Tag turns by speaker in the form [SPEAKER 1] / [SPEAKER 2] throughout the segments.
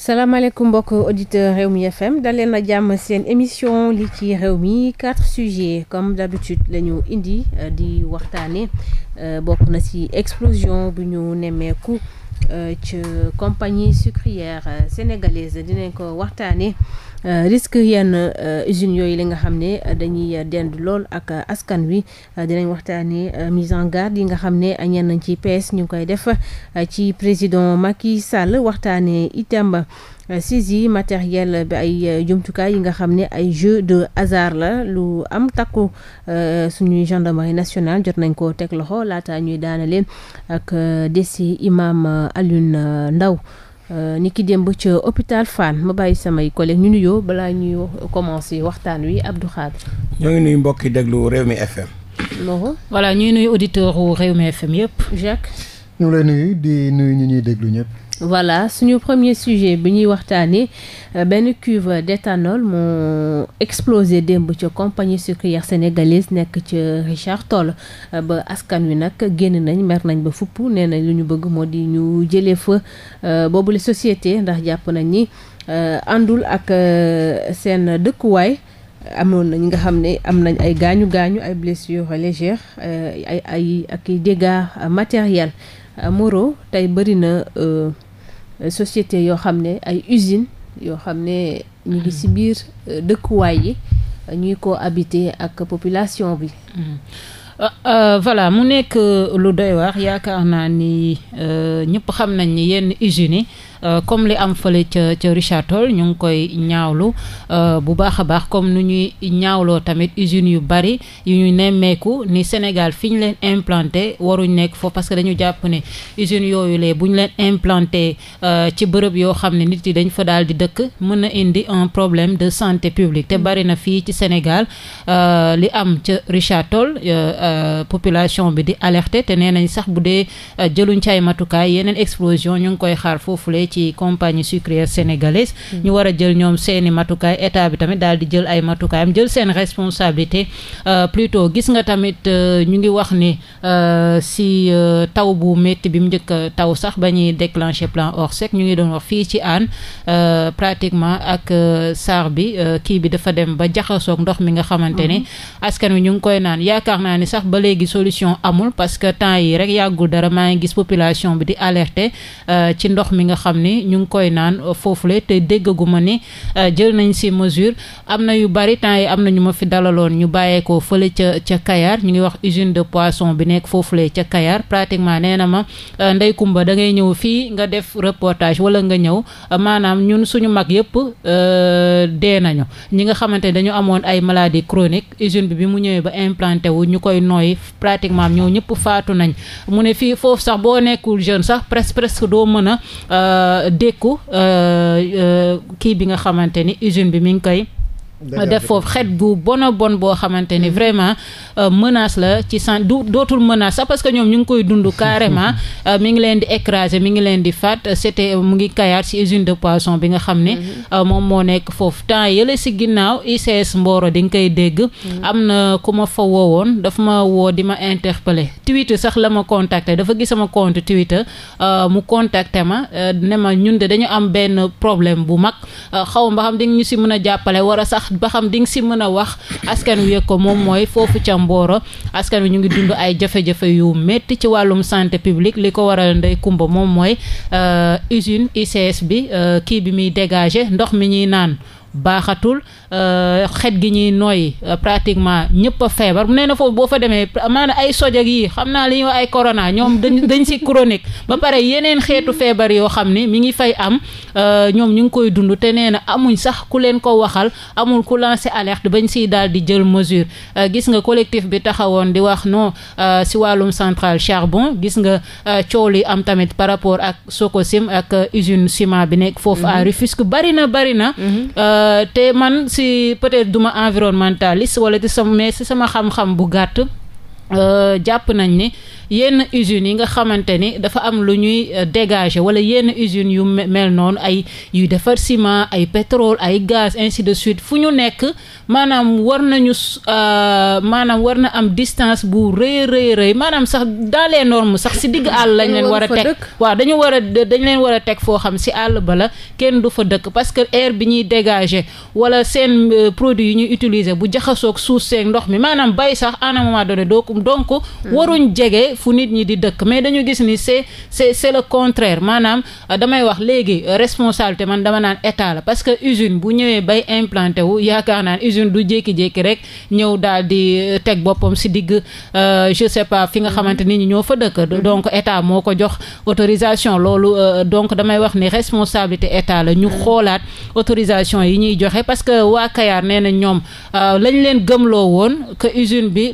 [SPEAKER 1] salaamaaleykum mbokk auditeur réew mi FM dal leen a jàmm seen émission li ci réew mi quatre sujets comme d'habitude la ñu indi euh, di waxtaane euh, bokk na ci explosion bu ñu nemmeeku euh, ci compagnie sucrière sénégalaise dinañ ko waxtaane Euh, risque yenn euh, usines yooyu li nga xam ne euh, dañuy dend lool ak askan wi dinañ waxtaanee mise en garde yi nga xam ne ñenn ci pes ñu ngi koy def ci président Macky Sall waxtaanee itam. saisi matériel bi ay jumtukaay yi nga xam ne ay jeu de hasard la lu am takku suñuy gendarmerie nationale jot nañ ko teg loxo laata ñuy daana leen ak desi imam Alioune ndaw Euh, ni ki démb ca hôpital Fann ma bàyyi samay collègue ñu nuyoo balaa ñuy commencé waxtaan wi Abdou Khadre.
[SPEAKER 2] ñoo ngi nuyu mbokki déglu réew mi FM.
[SPEAKER 1] loolu voilà ñuy nuyu auditeurs u Rewmi FM yëpp. Jacques.
[SPEAKER 3] ñu lay nuyu di nuyu ñu ñuy déglu ñëpp.
[SPEAKER 1] voilà suñu premier sujet bi ñuy waxtaanee euh, benn cuve d'éthanol moo explosé démb ca compagnie sucrière sénégalaise nekk ca Richard Toll euh, ba askan wi nag génn nañ mer nañ ba fupp nee nañ lu ñu bëgg moo di ñu jëlee fa euh, boobule société ndax jàpp nañ ni àndul ak seen dëkkuwaay amoon na ñi nga xam ne am nañ ay gaañu gaañu ay blessures légères ay ay ak dégâts matériels Moreau tey bëri na. Euh, société yoo xam ne ay usines yoo xam ne ñu ngi ci hmm. biir euh, dëkkuwaay yi ñuy ko habité ak population bi. Hmm.
[SPEAKER 4] Euh, euh, voilà mu
[SPEAKER 1] nekk euh, lu doy
[SPEAKER 4] waar yaakaar naa ni ñëpp xam nañ ni yenn usines yi comme li am fële ca ca Richard Toll ñu ngi koy ñaawlu bu baax a baax comme nu ñuy ñaawloo tamit usines yu bari yu ñu nemmeeku ni Sénégal fi ñu leen implanté waruñ nekk foofu parce que dañu jàpp ne usines yooyu lee bu ñu leen implanté ci bërëb yoo xam ne nit yi dañ fa daal di dëkk mën na indi un problème de santé publique te bari na fii ci Sénégal li am ca Richard Toll. Euh, population bi di alerter te nee nañ sax bu dee euh, jëluñ ci ay matukaay yeneen explosion ñu ngi koy xaar foofule ci compagnie sucrière sénégalaise. Mm. ñu war a jël ñoom seeni matukaay état bi tamit di jël ay matukaayam jël seen responsabilité euh, plutôt gis nga tamit ñu ngi wax ni si taw bu métti bi mu njëkk taw sax ba ñuy déclencher plan Orsec ñu ngi doon wax fii ci aan pratiquement ak saar bi kii bi dafa dem ba jaxasoog ndox mi nga xamante ne mm. askan wi ñu ngi koy naan yaakaar naa ni sax tax ba léegi solution amul parce que temps yi rek yàggul dara maa ngi gis population bi di alerter euh, ci ndox mi nga xam ni ñu ngi koy naan foofu euh, foofule te déggaguma ni euh, jël nañ si mesure am na yu bari temps yi am na ñu ma fi dalaloon ñu bàyyeekoo fële ca ca Kayar ñu ngi wax usine de poisson bi nekk foofule ca Kayar pratiquement nee na ma Ndeye Kumba da ngay ñëw fii nga def reportage wala nga ñëw maanaam ñun suñu mag yëpp dee nañu ñi nga xamante dañu amoon ay maladie chronique usine bi bi mu ñëwee ba implanté ñu koy nooy pratiquement ñoo ñëpp faatu nañ mu ne fii foofu sax boo nekkul jeune sax presque presque doo mën a euh, dékku euh, euh, kii bi nga xamante ni usine bi mi ngi koy def foofu xet gu bon a bon boo xamante ni mm-hmm. vraiment euh, menace la ci san du dootul menace sax parce que ñoom ñu ngi koy dund carrément euh, mi ngi leen di écrager mi ngi leen di faat c'était euh, mu ngi kayaat ci usine de poisson bi nga xam ne mm-hmm. moom moo nekk foofu temps yële ci ginnaaw ICS Mboro di nga koy dégg mm-hmm. am na ku ma fa woowoon dafa ma woo di ma interpeller Twitter sax la ma contacter dafa gis sama compte Twitter mu contacter ma ne ma ñun de dañu am benn problème bu mag ba xam di nga si mën a wax askan wi ko moom mooy foofu ca Mboro askan wi ñu ngi dund ay jafe-jafe yu métti ci wàllum santé publique li ko waral ndey kumba moom mooy euh, usine ucs bi euh, kii bi muy dégagé ndox mi ñuy naan baaxatul Euh, xet gi ñuy nooy euh, pratiquement ñëpp feebar nee na foofu boo fa demee maanaam ay sojag yi xam naa li ñu ay corona ñoom dañ dañ si chronique ba pare yeneen xeetu feebar yoo xam ne mu ngi fay am euh, ñoom ñu ngi koy dund te nee amuñ sax ku leen ko waxal amul ku lancé alerte bañ siy daal di jël mesure gis nga collectif bi taxawoon di wax non si wàllum centrale charbon gis nga coow yi am tamit par rapport ak Sococim ak usine ciment bi nekk foofu si peut duma du ma environnementaliste wala di sama mais si sama xam-xam bu gàtt euh, jàpp nañ ni yenn usines yi nga xamante ni dafa am lu ñuy euh, dégager wala yenn usines yu mel noonu ay yuy defar ciment ay pétrole ay gaz ainsi de suite fu ñu nekk maanaam war nañu euh, maanaam war na am distance bu rëy rëy maanaam sax dans les sax si digg àll lañ leen war a teg waaw dañu war a dañ leen war a teg foo xam si àll bala kenn du fa dëkk parce que air bi ñuy dégagé wala seen euh, produit yu ñuy utiliser bu jaxasoog suuf seeg ndox mi maanaam bay sax à un moment donné hmm. waruñ jege fu nit ñi di dëkk mais dañu gis ni c'est c'est c'est le contraire maanaam euh, damay wax léegi euh, responsabilité man dama naan état la parce que usine bu ñëwee bay implanté wu yaakaar naan usine du jékki-jékki rek ñëw daal di euh, teg boppam si digg je sais pas fi nga xamante nit ñi ñoo fa dëkk mm-hmm. donc état moo ko jox autorisation loolu donc damay wax ni responsabilité état la ñu mm-hmm. xoolaat autorisation yi ñuy joxe parce que waa Kayar nee na ñoom lañ leen gëmloo woon que usine bi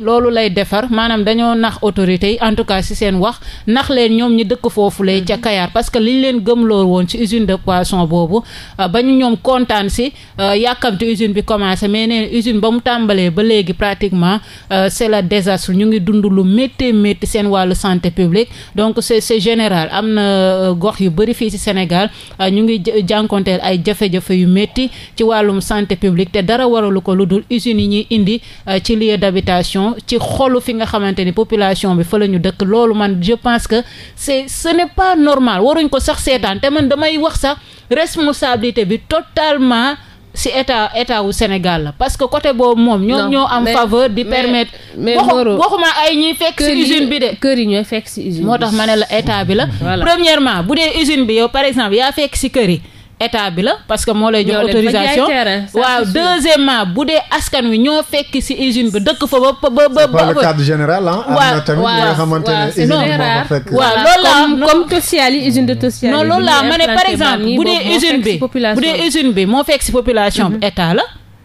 [SPEAKER 4] tout cas si seen wax nax leen ñoom ñi dëkk foofulee ca Kayar parce que liñ leen gëmloo woon ci usine de poisson boobu euh, ba ñu ñoom kontaan si euh, yàkkamte usine bi commencé mais neen usine ba mu tàmbalee ba léegi pratiquement euh, c'est la désastre ñu ngi dund lu métti métti seen wàllu santé publique donc c'est c'est général am na gox yu bëri fii ci Sénégal ñu ngi jànkonteel ay jafe-jafe yu métti ci wàllum santé publique te dara waralu ko lu dul usines yi ñuy indi ci lieu ñu dëkk loolu man je pense que c'est ce n'est pas normal waruñ ko sax seetaan te man damay wax sax responsabilité bi totalement si état état wu Sénégal la parce que côté boobu moom. ñoom ñoo am faveur di permettre. mais waxuma ay ñuy fekk si usine bi de. kër yi ñooy fekk si usine bi moo tax ma ne la état bi la. premièrement bu dee usine bi yow par exemple yaa fekk si kër yi. état bi la parce que moo lay jox autorisation waaw deuxièmement bu dee askan wi ñoo fekki si
[SPEAKER 3] usine bi dëkk fa ba ba ba ba le cadre général ah am xamante ne usine moo fa fekk waaw loolu la
[SPEAKER 1] comme Tosiyali usine hmm.
[SPEAKER 4] loolu la ma par exemple bu dee usine bi bu usine bi moo fekk si population bi hmm. état la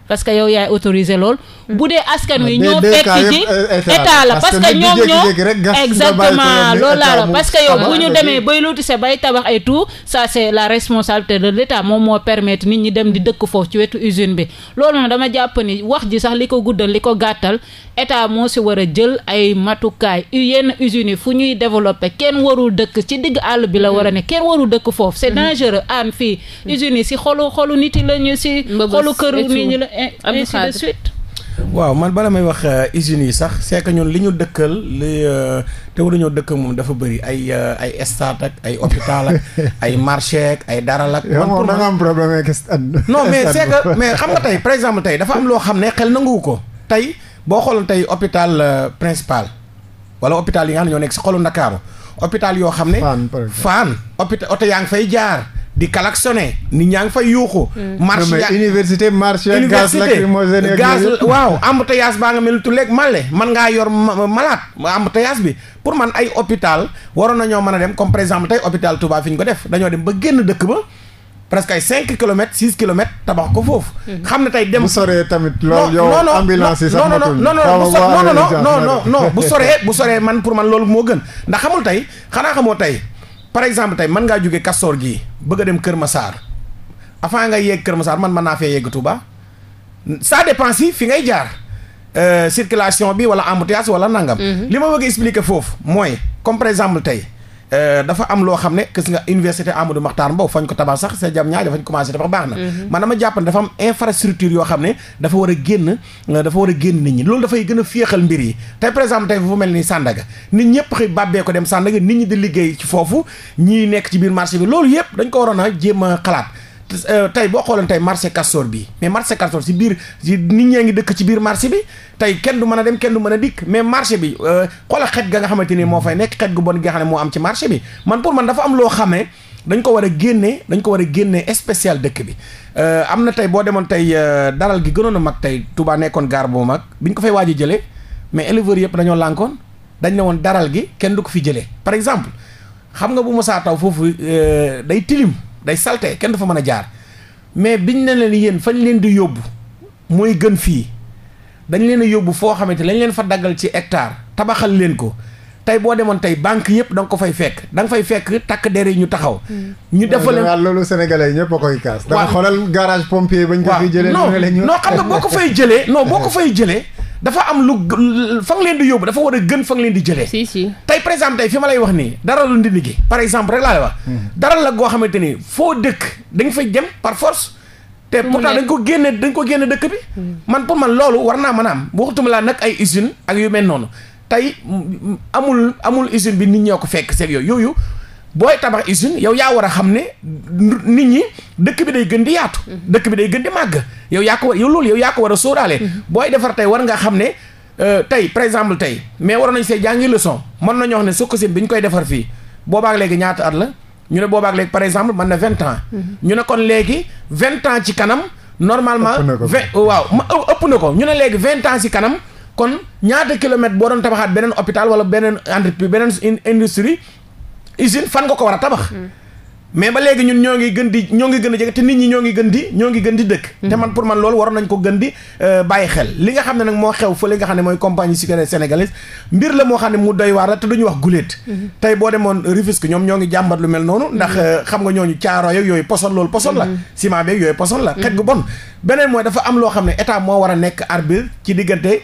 [SPEAKER 4] parce que yow yaay autorisé lool. Mm. bu dee askan wi ah, ñoo fekk ji euh, état la parce que ñoom ñoo exactement loolu laa parce que yow bu ñu demee bay lotissé bay tabax ay tout ça c' est la responsabilité de l' état moom moo permettre nit ñi dem di dëkk foofu ci wetu usine bi loolu nag dama jàpp wax ji sax li ko guddal li ko gàttal état moo si war a jël ay matukaay yenn usines yi fu ñuy développé kenn warul dëkk ci digg àll bi la war a ne mm. kenn warul dëkk foofu c' mm-hmm. dangereux aan ainsi de
[SPEAKER 2] waaw man bala may wax euh, usines yi sax c'est que ñun li ñu dëkkal li euh, te waruñoo dëkkal moom dafa bëri ay euh, ay stade ak ay hôpital ak ay marché ay dara la. am
[SPEAKER 3] problème ak stade. non mais c'est mais xam nga
[SPEAKER 2] tey par exemple tey dafa am loo xam ne xel nanguwu ko tey boo xooloon tey hôpital principal wala hôpital yi nga ne ñoo nekk si xolu Ndakaaru hôpital yoo xam ne. Fann Fann hôpital oto yaa ngi fay jaar. di klaxonné nit ñaa ngi fay yuuxu. Mm. marche ya université marche gaz lacrymogène gaz waaw embouteillage baa nga mel tulleeg male man ngaa yor malade embouteillage bi pour man ay hôpital waroon nañoo mën a dem comme par exemple tey hôpital Touba ñu ko def dañoo dem ba génn dëkk ba. presque ay cinq kilomètres six kilomètres tabax ko foofu. Mm-hmm. xam ne tey dem bu soree tamit. loolu yow ambulance yi sax matul non non non non non non bu soree bu soree man pour man loolu moo gën ndax xamul tey xanaa xamoo tey. par exemple tey mën ngaa jóge Kastoor gii bëgg dem Kër Massar avant nga yegg Kër Massar man ma naa fee yegg Touba ça dépend fi ngay jaar euh, circulation bi wala embouteillage wala nangam. Mhm. li ma bëgg expliquer foofu mooy comme par exemple tey. Euh, dafa am loo xam ne gis nga université Amadou Mahtar Mbow fañ ko tabax sax sa jam ñaari fañ commencé tabax baax na mhm. man dama jàpp ne dafa am infrastructure yoo xam ne dafa war a génn euh, dafa war a génn nit ñi loolu dafay gën a féexal mbir yi tey par exemple tey fu mel ni Sandaga nit ñëpp xëy bàbbee ko dem Sandaga nit ñi di liggéey ci foofu ñii nekk ci biir marché bi loolu yëpp dañ ko waroon a jéem a xalaat Euh, tey boo xoolee tey marché Castor bi mais marché Castor si biir nit ñee ngi dëkk ci biir marché bi tey kenn du mën a dem kenn du mën a dikk mais marché bi euh, xoola xet ga nga xamante ni moo fay nekk xet gu bon gi nga am ci marché bi man pour man dafa am loo xamee dañ ko war a génne dañ ko war a génne spécial dëkk bi euh, am na tey boo demoon tey daral gi gënoon a mag tey Touba nekkoon gaar bu mag biñ ko fay waaj a jëlee mais éleveurs yëpp dañoo lànkoon dañ ne woon daral gi kenn du ko fi jëlee par exemple xam nga bu saa taw foofu day tilim day salte kenn dafa mën a jaar mais biñ ne leen yéen fañ leen di yóbbu mooy gën fii dañu leen a yóbbu foo xamante lañ leen fa daggal ci hectare tabaxal leen ko tey boo demoon tey banque yëpp danga ko fay fekk da nga fay fekk takk der yi ñu taxaw.
[SPEAKER 3] Hmm. ñu defal leen loolu sénégalais yi ñëpp a koy kaas. waaw da nga xoolal garage pompier.
[SPEAKER 2] bañ ko fiy jëlee non non xam nga boo ko fay jëlee. non boo ko fay jëlee. dafa am lu fa nga leen di yóbbu dafa war a gën fa leen di jëlee. si si tey par exemple tey fi ma lay wax nii dara lu ndindi gi par exemple rek laa lay wax. Hmm. dara la goo xamante ni foo dëkk da fa fay dem par force. te pourtant dañ ko génne dañ ko génne dëkk bi. Hmm. man pour man loolu war naa mën a am waxtuma laa nag ay usine ak yu mel noonu tey amul amul usine bi nit ñoo ko fekk seeg yooyu yooyu. booy tabax usine yow yaa war a xam ne nit ñi dëkk bi day gën di yaatu. dëkk bi day gën di màgg. yow yaa ko war yow loolu yow yaa ko war a sóoraale. booy defar tey war nga xam ne euh, tey par exemple tey mais waroon nañ see jàngi leçon mën nañoo wax ne Sococim bi ñu koy defar fii boobaag léegi ñaata at la ñu ne boobaag léegi par exemple man na vingt ans. Mhm. ñu ne kon léegi vingt ans ci kanam. normalement vingt waaw ëpp na ko ñu ne léegi vingt ans ci kanam. kon ñaata kilomètre boo doon tabaxaat beneen hôpital wala beneen entreprise beneen industrie usine fan nga ko war a tabax. Hmm. mais ba léegi ñun ñoo ngi gën di ñoo ngi gën a jege te ñi ñoo ngi gën di ñoo ngi gën di dëkk. Hmm. te man pour man loolu waroon nañ ko gën di euh, bàyyi xel li nga xam ne nag moo xew fa li nga xam ne mooy compagnie sucrière sénégalaise mbir la moo xam ne mu doy waar la te duñu wax guléet. Hmm. tey boo demoon Rufisque ñoom ñoo ngi jàmbat lu mel noonu. ndax euh, xam nga ñooñu caaro yeeg yooyu poson loolu poson la. ciment beeg yooyu poson la. xet gu bon beneen mooy dafa am loo xam ne état moo war a nekk arbitre ci diggante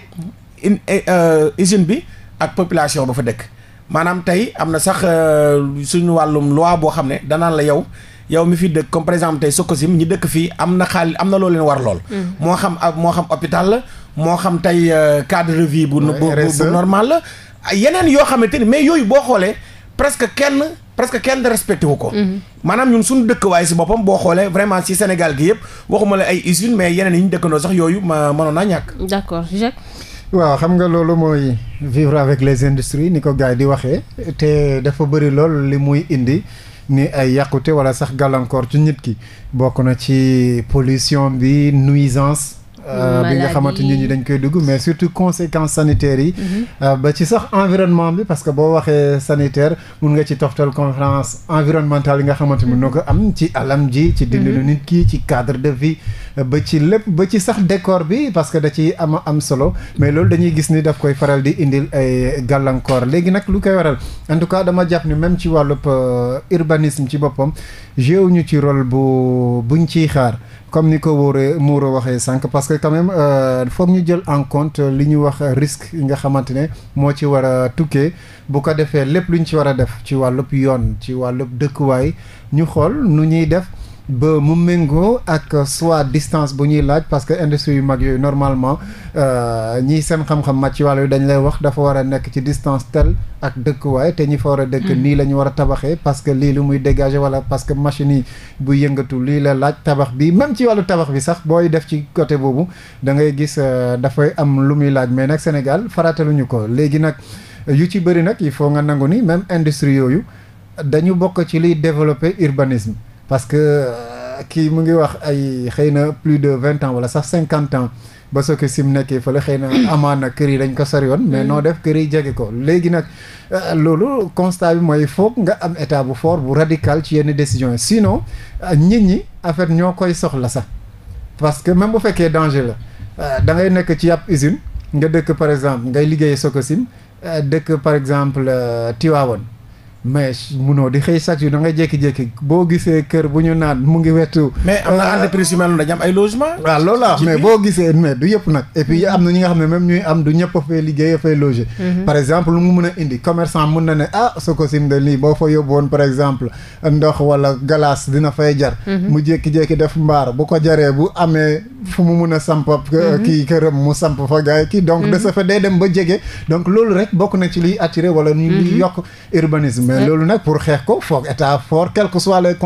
[SPEAKER 2] eh, euh, usine bi ak population ba fa dëkk maanaam tey am na sax euh, suñu wàllum loi boo xam ne danaan la yow yow mi fi dëkk comme par exemple tey Sococim ñi dëkk fii am na xaal am na loo leen war lool. Mm. moo xam moo xam hôpital la moo xam tey euh, cadre de vie bu bu normal la. yeneen yoo xamante ni mais yooyu boo xoolee presque kenn presque kenn respecté wu ko. Mm-hmm. maanaam ñun suñu dëkkwaay si boppam boo xoolee vraiment si Sénégal gi yëpp waxuma la ay usine mais yeneen yi ñu dëkkandoo sax yooyu ma mënoon naa ñàkk.
[SPEAKER 1] d'accord Jacques.
[SPEAKER 3] waaw xam nga loolu mooy vivre avec les industries ni ko gars di waxee te dafa bëri lool li muy indi ni ay yàqute wala sax gàllankoor ci nit ki bokk na ci pollution bi nuisance Euh, bi nga xamante nit ñi dañ koy dugg mais surtout conséquence sanitaire yi mhm. euh, ba ci sax environnement bi parce que boo waxee sanitaire mun nga ci toftal conférence environnementale yi nga xamante mun na ko am ci alam ji ci dindinu mhm. nit ki ci cadre de vie ba ci lépp ba ci sax décor bi parce que da ci am am solo mais loolu dañuy gis ni daf koy faral di indil ay gàllankoor léegi nag lu koy waral en tout cas dama jàpp ni même ci wàllub euh, urbanisme ci boppam jéew ci rôle bu buñ ciy xaar comme ni ko waree muuro waxee sànq parce que quand même euh, foog ñu jël en compte li ñu wax risque yi nga xamante ne moo ci war a tukkee bu ko defee lépp lu ñu ci war a def ci wàllu yoon ci wàllu dëkkuwaay ñu xool nu ñuy def. ba mu méngoo ak soit distance bu ñuy laaj parce que industrie yu mag yooyu normalement euh, ñi seen xam-xam màcc ci wàll yu dañ lay wax dafa war a nekk ci distance tel ak dëkkuwaay te ñi fa war a dëkk mm. nii la ñu war a tabaxee parce que lii lu muy dégager wala parce que machine yi bu yëngatu lii la laaj tabax bi même ci wàllu tabax bi sax booy def ci côté boobu da ngay gis euh, dafay am lu muy laaj mais nag Sénégal farataluñu ko léegi nag yu ci bëri nag il faut nga nangu ni même industrie yooyu dañu bokk ci liy développer urbanisme parce que euh, kii mu ngi wax ay xëy na plus de vingt ans wala sax cinquante ans ba soo ko sim nekkee fële xëy na amaan na kër yi dañ ko soriwoon. mais noo mm. def kër yi jege ko léegi nag euh, loolu constat bi mooy foog nga am état bu foor bu radical ci yenn décisions yi sinon euh, nit ñi en ñoo koy soxla sax parce que même bu fekkee danger la da ngay nekk ci yàpp usine nga dëkk par exemple ngay liggéey Sococim dëkk par exemple Tivaouane mais munoo di xëy chaque jour da ngay jékki-jékki boo gisee kër bu ñu naat mu ngi wetu. mais am
[SPEAKER 2] na euh, entreprise yu mel noonu dañu am ay logement waaw loolu la mais
[SPEAKER 3] boo gisee mais du yëpp nag. et puis mm-hmm. am na ñi nga xam ne même ñuy am du ñëpp a fay liggéey a fay mm-hmm. exemple lu mu mën a indi commerçant mun na ne ah Sococim de lii boo fa yóbbu woon par exemple ndox wala galaas dina fay jar. Mm-hmm. mu jékki-jékki def mbaar bu ko jaree bu amee fu mu mun a samp. Euh, kii këram mu samp fa gars ki kii donc de ce fait day dem ba jege donc loolu rek bokk na ci liy attiré wala. liy yokk urbanisme. mais loolu nag pour xeex ko foog état fort quelles que soient les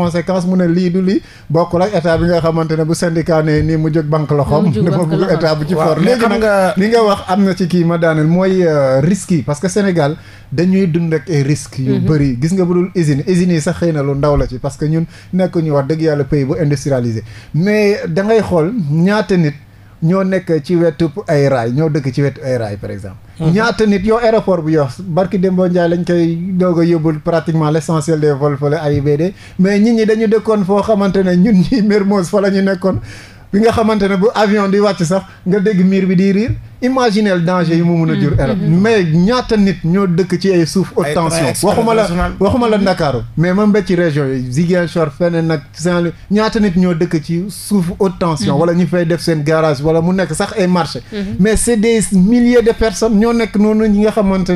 [SPEAKER 3] mu ne lii du lii bokkul ak état bi nga xamante ne bu syndicat ne nii mu jóg banque loxoom dafa bëgg état bu ci fort léegi nag li nga wax am na ci kii ma daaneel mooy euh, risques yi parce que Sénégal dañuy dund ak ay risques yu mhm. bëri gis nga bu dul usine usines yi sax xëy na lu ndaw la ci parce que ñun nekk ñu wax dëgg yàlla pays bu industrialisé mais dangay xool ñaata nit ñoo nekk ci wetu ay raay ñoo dëkk ci wetu ay raay par exemple. Mhm. ñaata nit yow aéroport bu yox barki Demba Ndiaye lañ koy doog a yóbbul pratiquement l' essentiel des vols fële AIBD mais nit ñi dañu dëkkoon foo xamante ne ñun ñi Mermoz fa la ñu nekkoon. bi nga xamante ne bu avion di wàcc sax nga dégg miir bi di riir imaginel danger yi mu mun a jur Europe mm-hmm. mais ñaata nit ñoo dëkk ci ay suuf haute tension waxuma la waxuma la Ndakaaru mais ma ba ci région yi Ziguinchor feneen nag Saint-Louis ñaata nit ñoo dëkk ci suuf haute tension mm-hmm. wala ñu fay def seen garage wala mu nekk sax ay marché mm-hmm. mais c'est des milliers de personnes ñoo nekk noonu ñi nga xamante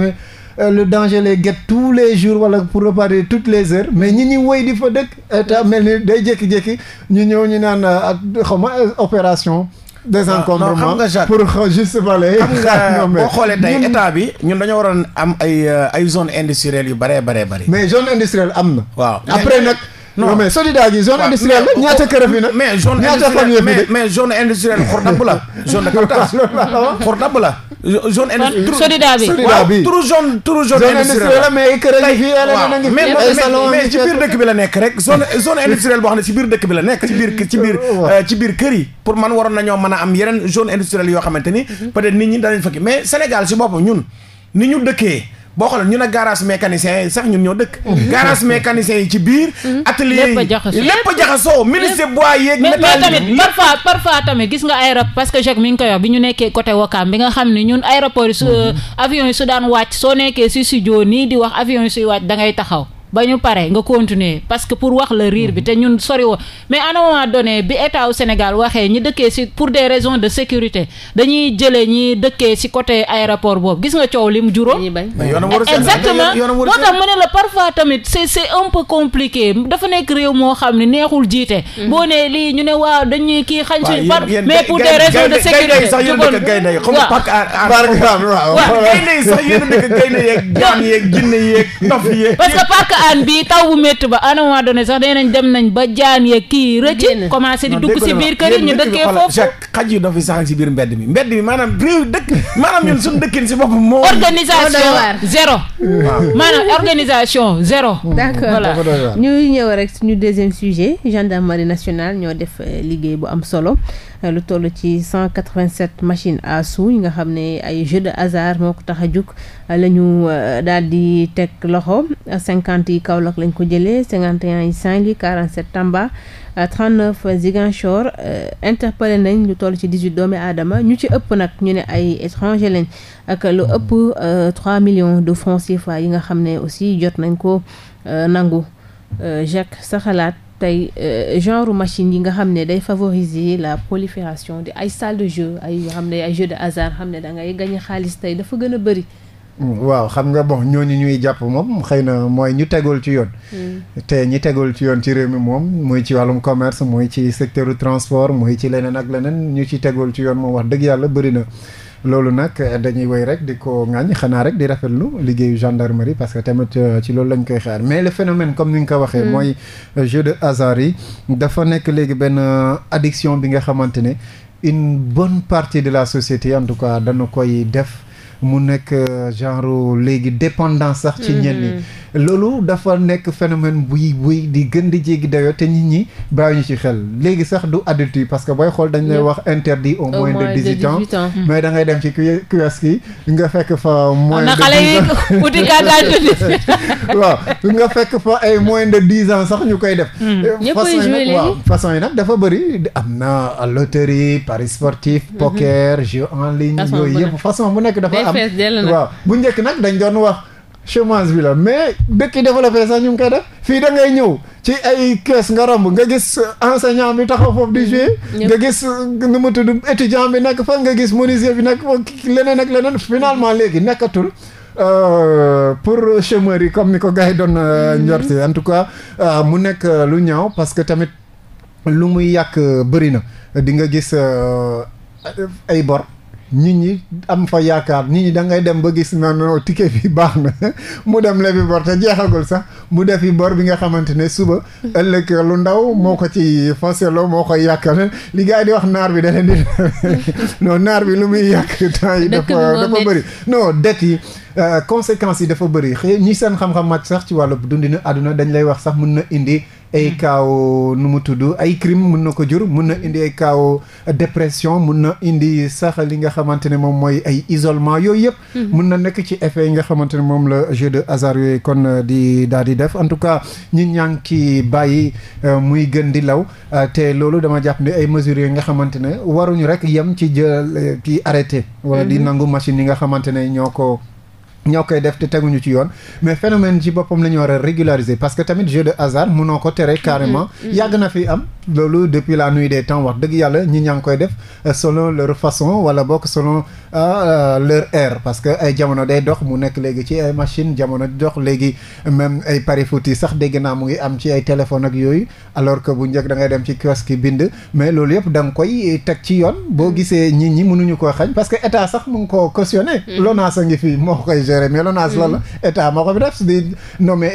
[SPEAKER 3] Euh, le danger les guette tous les jours wala pour ne pas dire toutes les heures mais ñi ñi woy di fa dëkk état mel ni day jékki-jékki ñu ñëw ñu naan euh, xaw ma euh, opération désencombrement pour justement les xam nga boo xoolee tey
[SPEAKER 2] état bi ñun dañoo waroon am ay ay zone industrielle yu bare bare bëri mais zone industrielle am na waaw après nag non mais Sodadia gi zone industrielle la ñaata kër fi na mais zone industrielle mais zone industrielle xor la zone de la zone industrie solida bi solida bi turu zone turu zone industrielle la mais kër yi fii na ngi mais ci biir dëkk bi la nekk rek zone zone industrielle boo xam ne ci biir dëkk bi la nekk ci biir ci biir euh, ci biir kër yi pour man waroon nañoo mën a am yeneen zone industrielle yoo xamante ni mhm. peut-être nit ñi danañ fakki mais Sénégal si boppam ñun ni ñu dëkkee boo xoolee ñu ne garage mécanicien yi sax ñun ñoo dëkk. garage mécanicien yi ci biir. atelier yi lépp a jaxasoo ministre bois yeeg. métal tamit parfois
[SPEAKER 4] parfois tamit gis nga aéroport parce que Jacques mi ngi koy wax bi ñu nekkee côté Wakaam bi nga xam ne ñun aéroport yi su euh, mhm. avion yi su daan wàcc soo nekkee si si studio nii di wax avion yi suy wàcc da ngay taxaw. ba ñu pare nga continuer parce que pour wax la riir bi te ñun sori mais à un moment bi état wu Sénégal waxee ñi dëkkee ci pour des raisons de sécurité dañuy jëlee ñi dëkkee ci côté aéroport boobu gis nga coow li mu juróom exactement moo tax mu ne la parfois tamit c'est c'est un peu compliqué dafa nekk réew moo xam ne neexul jiite mm-hmm. boo ne lii ñu ne waaw dañuy kii xañ suñu par mais pour des raisons de sécurité sax yéen dëkk
[SPEAKER 2] gaynde yi xam nga parc gaynde yi sax yéen dëkk ann
[SPEAKER 4] bii taw bu métti ba à un moment sax nee nañ dem nañ ba jaan ya kii rëcc commencé di dugg si biir kër yi ñu dëkkee foofu Jacques
[SPEAKER 2] xaj yu dafa sax si biir mbedd mi mbedd mi maanaam réew dëkk maanaam ñun suñu dëkkin si bopp moo organisation zéro maanaam
[SPEAKER 1] organisation zéro d'accord ñu ñëw rek suñu deuxième sujet gendarmerie nationale ñoo def euh, liggéey bu am solo Euh, lu toll ci cent quatre vingt à su yi nga xam ne ay jeux de hasard moo ko tax a jug euh, la ñu euh, daal di teg loxo cinquante yi Kaolack lañ ko jëlee cinquante et yi Saint-Louis quarante-sept Tamba trente-neuf Ziguinchor interpellé nañ lu toll ci dix doomi aadama ñu ci ëpp nag ñu ne ay étranger lañ ak lu ëpp trois millions de francs CFA yi nga xam ne aussi jot nañ ko nangu Jacques sa xalaat tey euh, genre machine yi nga xam ne day favoriser la prolifération de ay salle de jeu ay yoo xam ne ay jeu de hasard xam ne dangay ngay xaalis tey dafa gën a bëri.
[SPEAKER 3] waaw xam nga bon ñooñu ñuy jàpp moom xëy na mooy ñu tegul ci yoon. Hmm. te ñu tegul ci yoon ci réew mi moom muy ci wàllum commerce muy ci secteur transport muy ci leneen ak leneen ñu ci tegul ci yoon moom wax dëgg yàlla bëri na. loolu nag dañuy woy rek di ko ŋàññ xanaa rek di rafetlu liggéeyu gendarmerie parce que tamit euh, ci loolu lañ koy xaar mais le phénomène comme ni nga ko waxee. Mm. mooy euh, jeu de hasard yi. dafa nekk léegi benn euh, addiction bi nga xamante ne une bonne partie de la société en tout cas dana koy def. mu nekk euh, genre léegi dépendance sax ci mm-hmm. ñenn ñi loolu dafa nekk phénomène buy buy di gën di jéggi dayoo te nit ñi baa ñu ci xel léegi sax du adulte yi parce que booy xool dañ lay wax interdit au moins de dix-huit ans mm-hmm. mais da ngay dem ci kiosque yi nga fekk fa moins de dix ans nga fekk fa ay moins de dix ans sax ñu koy def mm. euh, façon yi nag dafa bëri am na loterie paris sportif mm-hmm. poker jeu en ligne yooyu yëpp façon bu nekk dafa am waaw bu njëkk nag dañ doon wax chômage bi la mais dëkk yi développé sax ñu ngi koy def fii da ngay ñëw ci ay kees nga romb nga gis enseignant bi taxaw foofu di jouer nga gis nu mu tudd bi nekk fa nga gis menuisier bi nekk fa leneen ak leneen finalement léegi nekkatul Euh, pour chômeurs yi comme ni ko gars yi doon euh, mm-hmm. njorti en tout cas euh, mu nekk euh, lu ñaaw parce que tamit lu muy yàq bëri na di nga gis euh, ay bor nit ñi am fa yaakaar nit ñi da ngay dem ba gis na non ticket bi baax na mu dem lebi bor te jeexagul sax mu defi yi bor bi nga xamante ne suba ëllëg lu ndaw moo ko ci loo moo koy yàqal li gars yi di wax naar bi da leen di non naar bi lu muy yàq temps yi dafa bëri non det yi euh, conséquences yi dafa bëri xëy ñi seen xam-xam màcc sax ci wàllu dundinu àdduna dañ lay wax sax mun na indi ay hmm. kaaw nu mu tudd ay crime mun na ko jur mun na indi ay kaaw dépression mun na indi sax li nga xamante ne moom mooy ay isolement yooyu yëpp hmm. mun na nekk ci effet yi nga xamante ne moom la jeu de hasard yooyu kon euh, di daal di def en tout cas ñi ñaa ki bàyyi euh, muy gën di law euh, te loolu dama jàpp ne ay mesures yi nga xamante ne waruñu rek yam ci jëlal ci arrêté wala di hmm. nangu machine yi nga xamante ne ñoo ko ñoo koy def te teguñu ci yoon mais phénomène ji boppam la ñu war a parce que tamit jeu de hasard mënoo ko tere carrément mm-hmm. Mm-hmm. yàgg na fi am loolu depuis la nuit des temps wax dëgg yàlla ñi ñaa ngi koy def euh, selon leur façon wala bokk selon euh, euh, leur ère parce que ay jamono day dox mu nekk léegi ci ay machine jamono di dox léegi même ay pari foot sax dégg naa mu ngi am ci ay téléphone ak yooyu alors que bu njëkk da ngay dem ci kiosque bind mais loolu yëpp da nga koy teg ci yoon boo mm. gisee nit ñi mënuñu koo xañ parce que état sax mu ngi koo cautionné mm. LONASE a ngi fii moo koy gérer mais LONASE mm. la la état moo ko fi def di nommé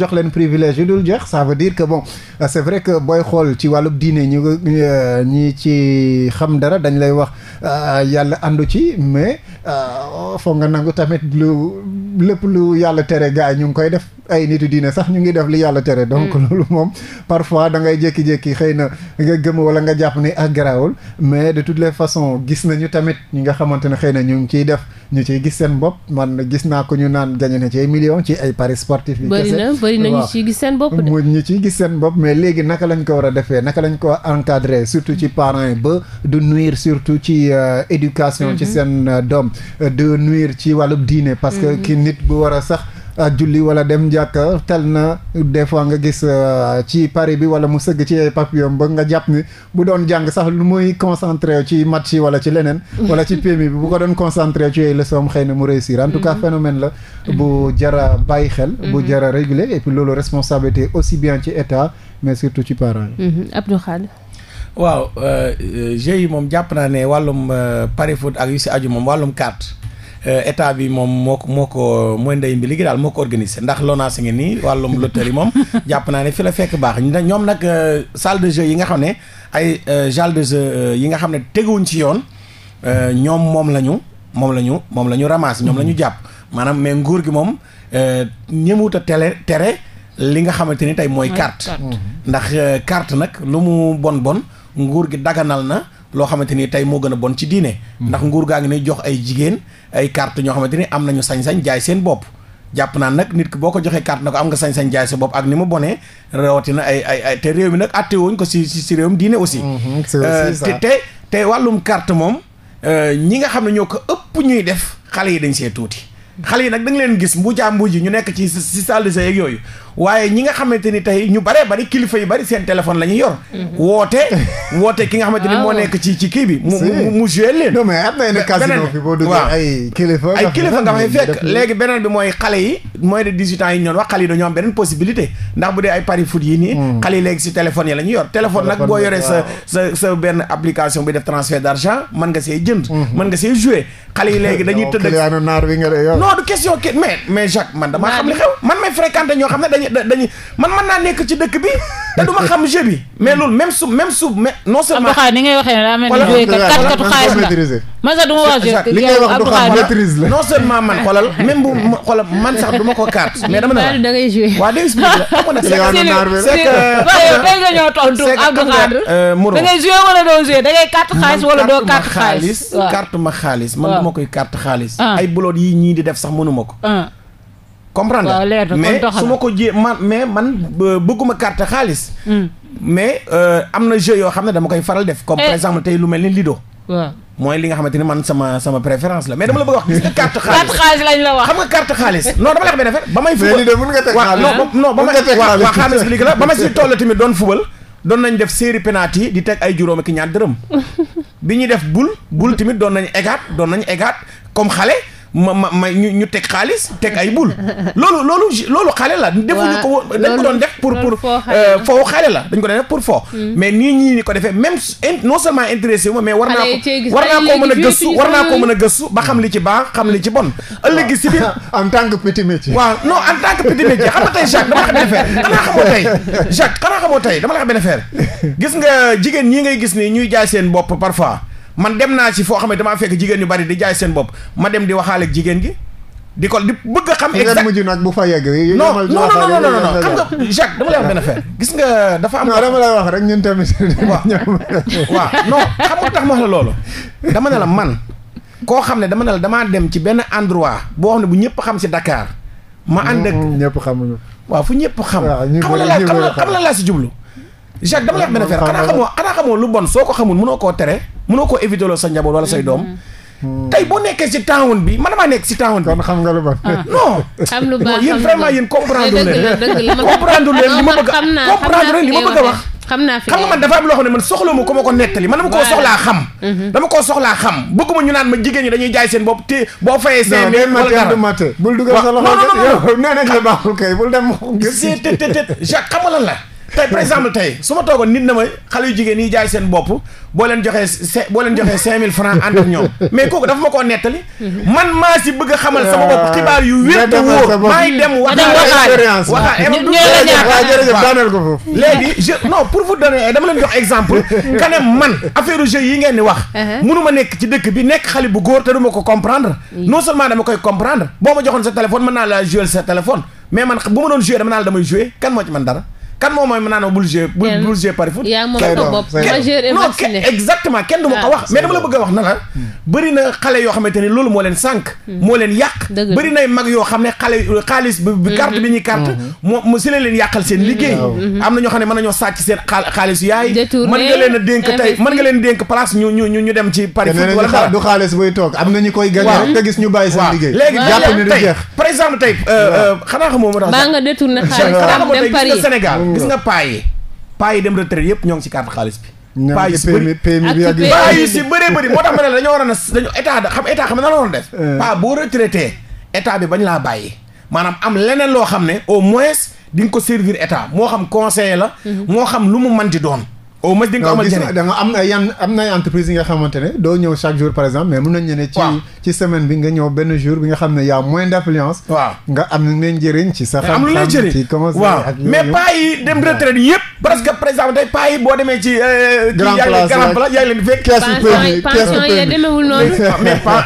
[SPEAKER 3] jox leen privilège yu dul jeex ça veut dire que bon ci wàllub diine ñu euh, ñi ci xam dara dañ lay wax euh, yàlla àndu ci mais euh, foog nga nangu tamit lu lépp lu yàlla tere gaa yi ñu ngi koy def ay nitu diine sax ñu ngi def li yàlla tere donc hmm. loolu moom parfois da ngay jékki-jékki xëy na nga gëm wala nga jàpp ni ak ah, garaawul mais de tout les façon gis nañu tamit ñi nga xamante ne xëy na ñu ngi ciy def ñu ciy gis seen bopp man gis naa ko ñu naan gagné na ci ay millions ci ay paris sportif yi bëri na ñu ciy gis seen bopp de ñu ciy gis seen bopp mais léegi naka lañ ko war a defee naka lañ ko encadrer surtout ci parent yi ba du nuire surtout ci euh, éducation ci mhm. seen euh, doom euh, du nuire ci wàllub diine parce que mhm. ki nit bu war a sax julli wala dem jàkka tal na des fois nga gis euh, ci pari bi wala mu sëgg ci ay papillon ba nga jàpp ni bu doon jàng sax lu muy concentré ci match yi wala ci leneen wala ci PMI bi bu ko doon concentré ci ay leçon xëy na mu réussir en tout cas mm-hmm. phénomène la bu jara bàyyi xel bu mm-hmm. jara réguler et puis loolu responsabilité aussi bien ci état mais surtout ci parents yi
[SPEAKER 2] mm-hmm. Abdou Khad waaw euh, euh, GIE moom jàpp naa ne wàllum pari foot ak yu si aju moom wàllum carte Euh, état bi moom moo ko moo ko mooy ndey mbi liggéey daal moo ko organisé ndax LONASE ngi ni wàllum yi moom jàpp naa ne fi la fekk baax ñoom nag euh, salle de jeu yi nga xam ne ay euh, salle yi nga xam ne teguwuñ ci yoon ñoom moom la ñu moom la ñu moom la ñu ramasse ñoom la ñu mm-hmm. jàpp maanaam mais nguur gi moom ñëmut a tele tere li nga xamante ni tey mooy carte ndax carte nag lu mu bon bon nguur gi daganal na loo xamante ni tey moo gën a bon ci diine. ndax mhm. nguur gaa ngi ni jox ay jigéen ay carte ñoo xamante ni am nañu sañ-sañ jaay seen bopp. jàpp naa nag nit ki boo ko joxee carte na ko am nga sañ-sañ jaay sa bopp ak ni ma bone rawatina ay ay réew mi nag àtte wuñ ko si si réewum diine aussi. Mhm, euh, te te te wàllum carte moom euh, ñi nga xam ne ñoo ko ëpp ñuy def xale yi dañ see tuuti. Mhm. xale yi nag da leen gis mbuujaa mbuuj yi ñu nekk ci si salle de yooyu waaye ñi nga xamante ni tey ñu bare bari kilifa yi bari seen téléphone la ñuy yor. Mhm. woote woote ki nga xamante ni moo ah, nekk ci ci kii bi. mu mu mu
[SPEAKER 3] joué leen. non ay kilifa nga fay fekk léegi
[SPEAKER 2] beneen bi mooy xale yi mooy de 18 yi ñoon wax xale yi dañoo am beneen possibilité ndax bu dee ay hmm. si téléphone yi la ñuy yor. téléphone nag boo yoree sa sa bi def transfert d' argent mën nga see jënd. Hmm. mën nga see joué xale yi léegi dañuy tëdd. non du question mais mais Jacques man damaa xam ne dañuy dañuy dañuy man mën naa nekk ci bi te du su même su mais non seulement. Abdou Khadre ni
[SPEAKER 4] ngay ma li ngay wax du xam maîtrise ma ko
[SPEAKER 2] da ngay joué waaw day expliqué la xam nga c'est que tey nga ñoo tontu Abdou Khadre euh, Moreau da ngay
[SPEAKER 4] joué wala doo joué da ngay xaalis wala doo carte xaalis carte
[SPEAKER 2] ma xaalis man du ma koy carte xaalis ah. ay buloot yi ñii di def sax mënu ma ko ah. comprendre nga mais su ma ko jée man mais man bëgguma carte xaalis hmm. mais euh, am na jeu yoo xam ne dama koy faral def comme eh. par exemple tey lu mel ni Lido waaw mooy li nga xamante ni man sama sama préférence la mais dama la bëgg a wax gis nga
[SPEAKER 4] xaalis carte lañ la wax xam nga carte xaalis non dama la wax
[SPEAKER 2] benn affaire ba may fubal mën nga teg xaalis non non ba ma waaw xaalis gi la ba ma si toll tamit doon fubal doon nañ def série penalty di teg ay juróom ak ñaar dërëm bi ñuy def bul bul tamit doon nañ égaat doon nañ égaat comme xale ma ma may ñu ñu teg xaalis teg ay bul loolu loolu loolu xale la defuñu ko ko doon def pour pour euh, foo xale la dañ ko doon def pour foo hmm. mais nii ñii ni ko defee même non seulement intéressé wu ma mais war naa ko war naa koo mën a gëstu war naa koo mën a gëstu ba xam li ci baax xam li ci bon ëllëg si bi en tant que petit métier waaw non en tant que petit métier xam nga tey Jacques dama la xam benn affaire xanaa xamoo tey Jacques xanaa xamoo tey dama la xam benn gis nga jigéen ñii ngay gis ni ñuy jaay seen bopp parfois man dem naa ci foo xam ne damaa fekk jigéen ñu bari di jaay seen bopp ma dem di waxaale ak jigéen gi di ko di bëgg a xam. exact mujj
[SPEAKER 3] nag bu fa yegg. non non non non non xam nga
[SPEAKER 2] Jacques dama lay wax benn affaire
[SPEAKER 3] gis nga dafa am. non dama lay wax rek ñun tamit. waaw
[SPEAKER 2] waaw non xam nga tax ma wax la loolu. dama ne la man koo xam ne dama ne la damaa dem ci benn endroit boo xam ne bu ñëpp xam si Dakar.
[SPEAKER 3] ma ànd ak mm-hmm. ñëpp xamuñu. waaw fu
[SPEAKER 2] ñëpp xam. waaw ñëpp xam xam la laa si jublu.
[SPEAKER 3] Jacques dama lay wax benn affaire xanaa xamoo
[SPEAKER 2] xanaa xamoo lu bon soo ko xamul mënoo koo tere. mënoo ko éviter sa njaboot wala say doom. tey boo nekkee ci town bi man damaa nekk ci town bi. kon xam nga lu baax. non. xam lu baax ma bëgg a comprendre leen ma bëgg wax. xam naa fi xam nga man dafa am loo xam ne man soxla mu ko ma ko nettali man dama koo soxlaa xam dama koo soxlaa xam bëgguma ñu naan ma jigéen ñi dañuy jaay seen bopp te boo fayee seen mille wala dara du matte
[SPEAKER 3] bul dugal sa loxo yow
[SPEAKER 2] nee nañ baaxul kay bul dem gis te te te xam nga la tey par exemple tey su ma toogoon nit na ma xale yu seen bopp boo leen joxee boo leen joxee cinq mille francs ma koo nettali mhm. man maa a xamal sama ah, bopp xibaar yu wér te wóor maay dem waxaale waxaale ah, jërëjëf daaneel ko eh, exemple quand même wax uh-huh. nekk ci dëkk bi nekk xale bu góor ko comprendre non seulement dama koy comprendre boo ma joxoon sa téléphone mën naa la jouer sa téléphone mais man bu ma doon jouer dama naa la damay jouer kan moo ci man dara kan moom mooy naan bul jouer bul jouer pari foot yaa moom sa bopp kenn du ma ko ah. wax mais dama la bëgg a wax na la xale yoo xamante ne loolu moo leen sànq hmm. moo leen yàq bëri nay mag yoo xam ne xale xaalis bi hmm. carte bi ñuy carte hmm. moo si leen leen seen liggéey am na ñoo xam ne mën nañoo sàcc seen xaalis yaay mën nga leen a dénk tey mën nga leen dénk place ñu ñu ñu dem ci pari foot wala
[SPEAKER 3] xaalis buy toog am na ñu koy gagné rek na gis
[SPEAKER 2] ñu bàyyi seen liggéey léegi jàpp ne du jeex par exemple tey euh, euh, xanaa xamoo ma tax nga détourné xaalis dem Paris Sénégal gis nga paa yi paa yi dem retraite yëpp ñoo ngi ci carte xaalis bi paa yi si bëri paa yi si bëree bëri moo tax ma ne la dañoo waroon a dañu état da xam état xam ne na la waroon def euh. paa boo retraité état bi bañ laa bàyyi maanaam am leneen loo xam ne au moins di
[SPEAKER 3] ko servir état moo xam conseiller la mhm. moo xam lu mu manti doon au moins di am na entreprise nga xamante ne doo ñëw chaque jour par exemple mais mun nañu ne ci semaine bi nga ñëw benn jour bi nga xam ne y' a moins d' affluence waaw nga am nañ njëriñ ci sa xam xam ci
[SPEAKER 2] par exemple tey ci euh, grand place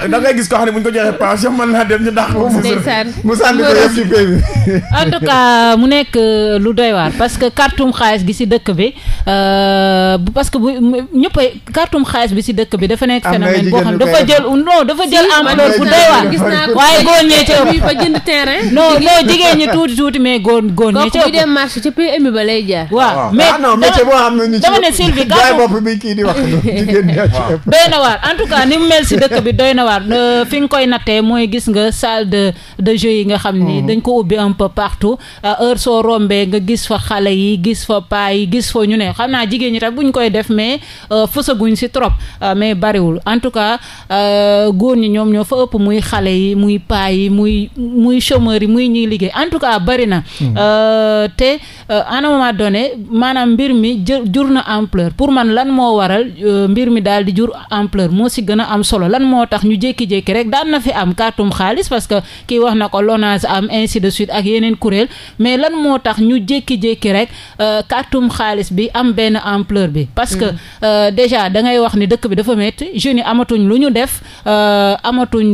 [SPEAKER 2] ne ko joxee pension mën naa dem ñu dàq ko mu sànni ko yëpp ci pay bi en
[SPEAKER 4] mu nekk euh, lu doy waar parce que kartum xaalis gi si dëkk bi euh, Euh, bu parce que bu ñëpp kartum xaalis bi si dëkk bi dafa nekk phénomène boo xam dafa jël non dafa jël ampleur bu doy waar gis ni na waar en tout cas mel si dëkk bi doy na waar euh, fi nga koy nattee mooy gis nga salle de de yi nga xam ni mhm. dañ ko ubbi un peu partout heure soo rombee nga gis fa xale yi gis fa paa gis fa ñu ne xam naa jigéen ligne rek bu ñu koy def mais euh, fësaguñ si trop euh, mais bariwul en tout cas euh, góor ñi ñoom ñoo fa ëpp muy xale yi muy paa yi muy muy chômeur yi muy ñuy liggéey en tout cas bari na. Hmm. te à un donné maanaam mbir mi jur na ampleur pour man lan moo waral mbir mi daal di jur ampleur moo si gën a am solo lan moo tax ñu jékki-jékki rek daan na fi am kàttum xaalis parce que kii wax na ko LONASE am inci de suite ak yeneen kuréel mais lan moo tax ñu jékki-jékki rek kàttum xaalis bi ampleur bi parce que euh, déjà da ngay wax ni dëkk bi dafa metti jeunes yi amatuñ lu ñu def euh, amatuñ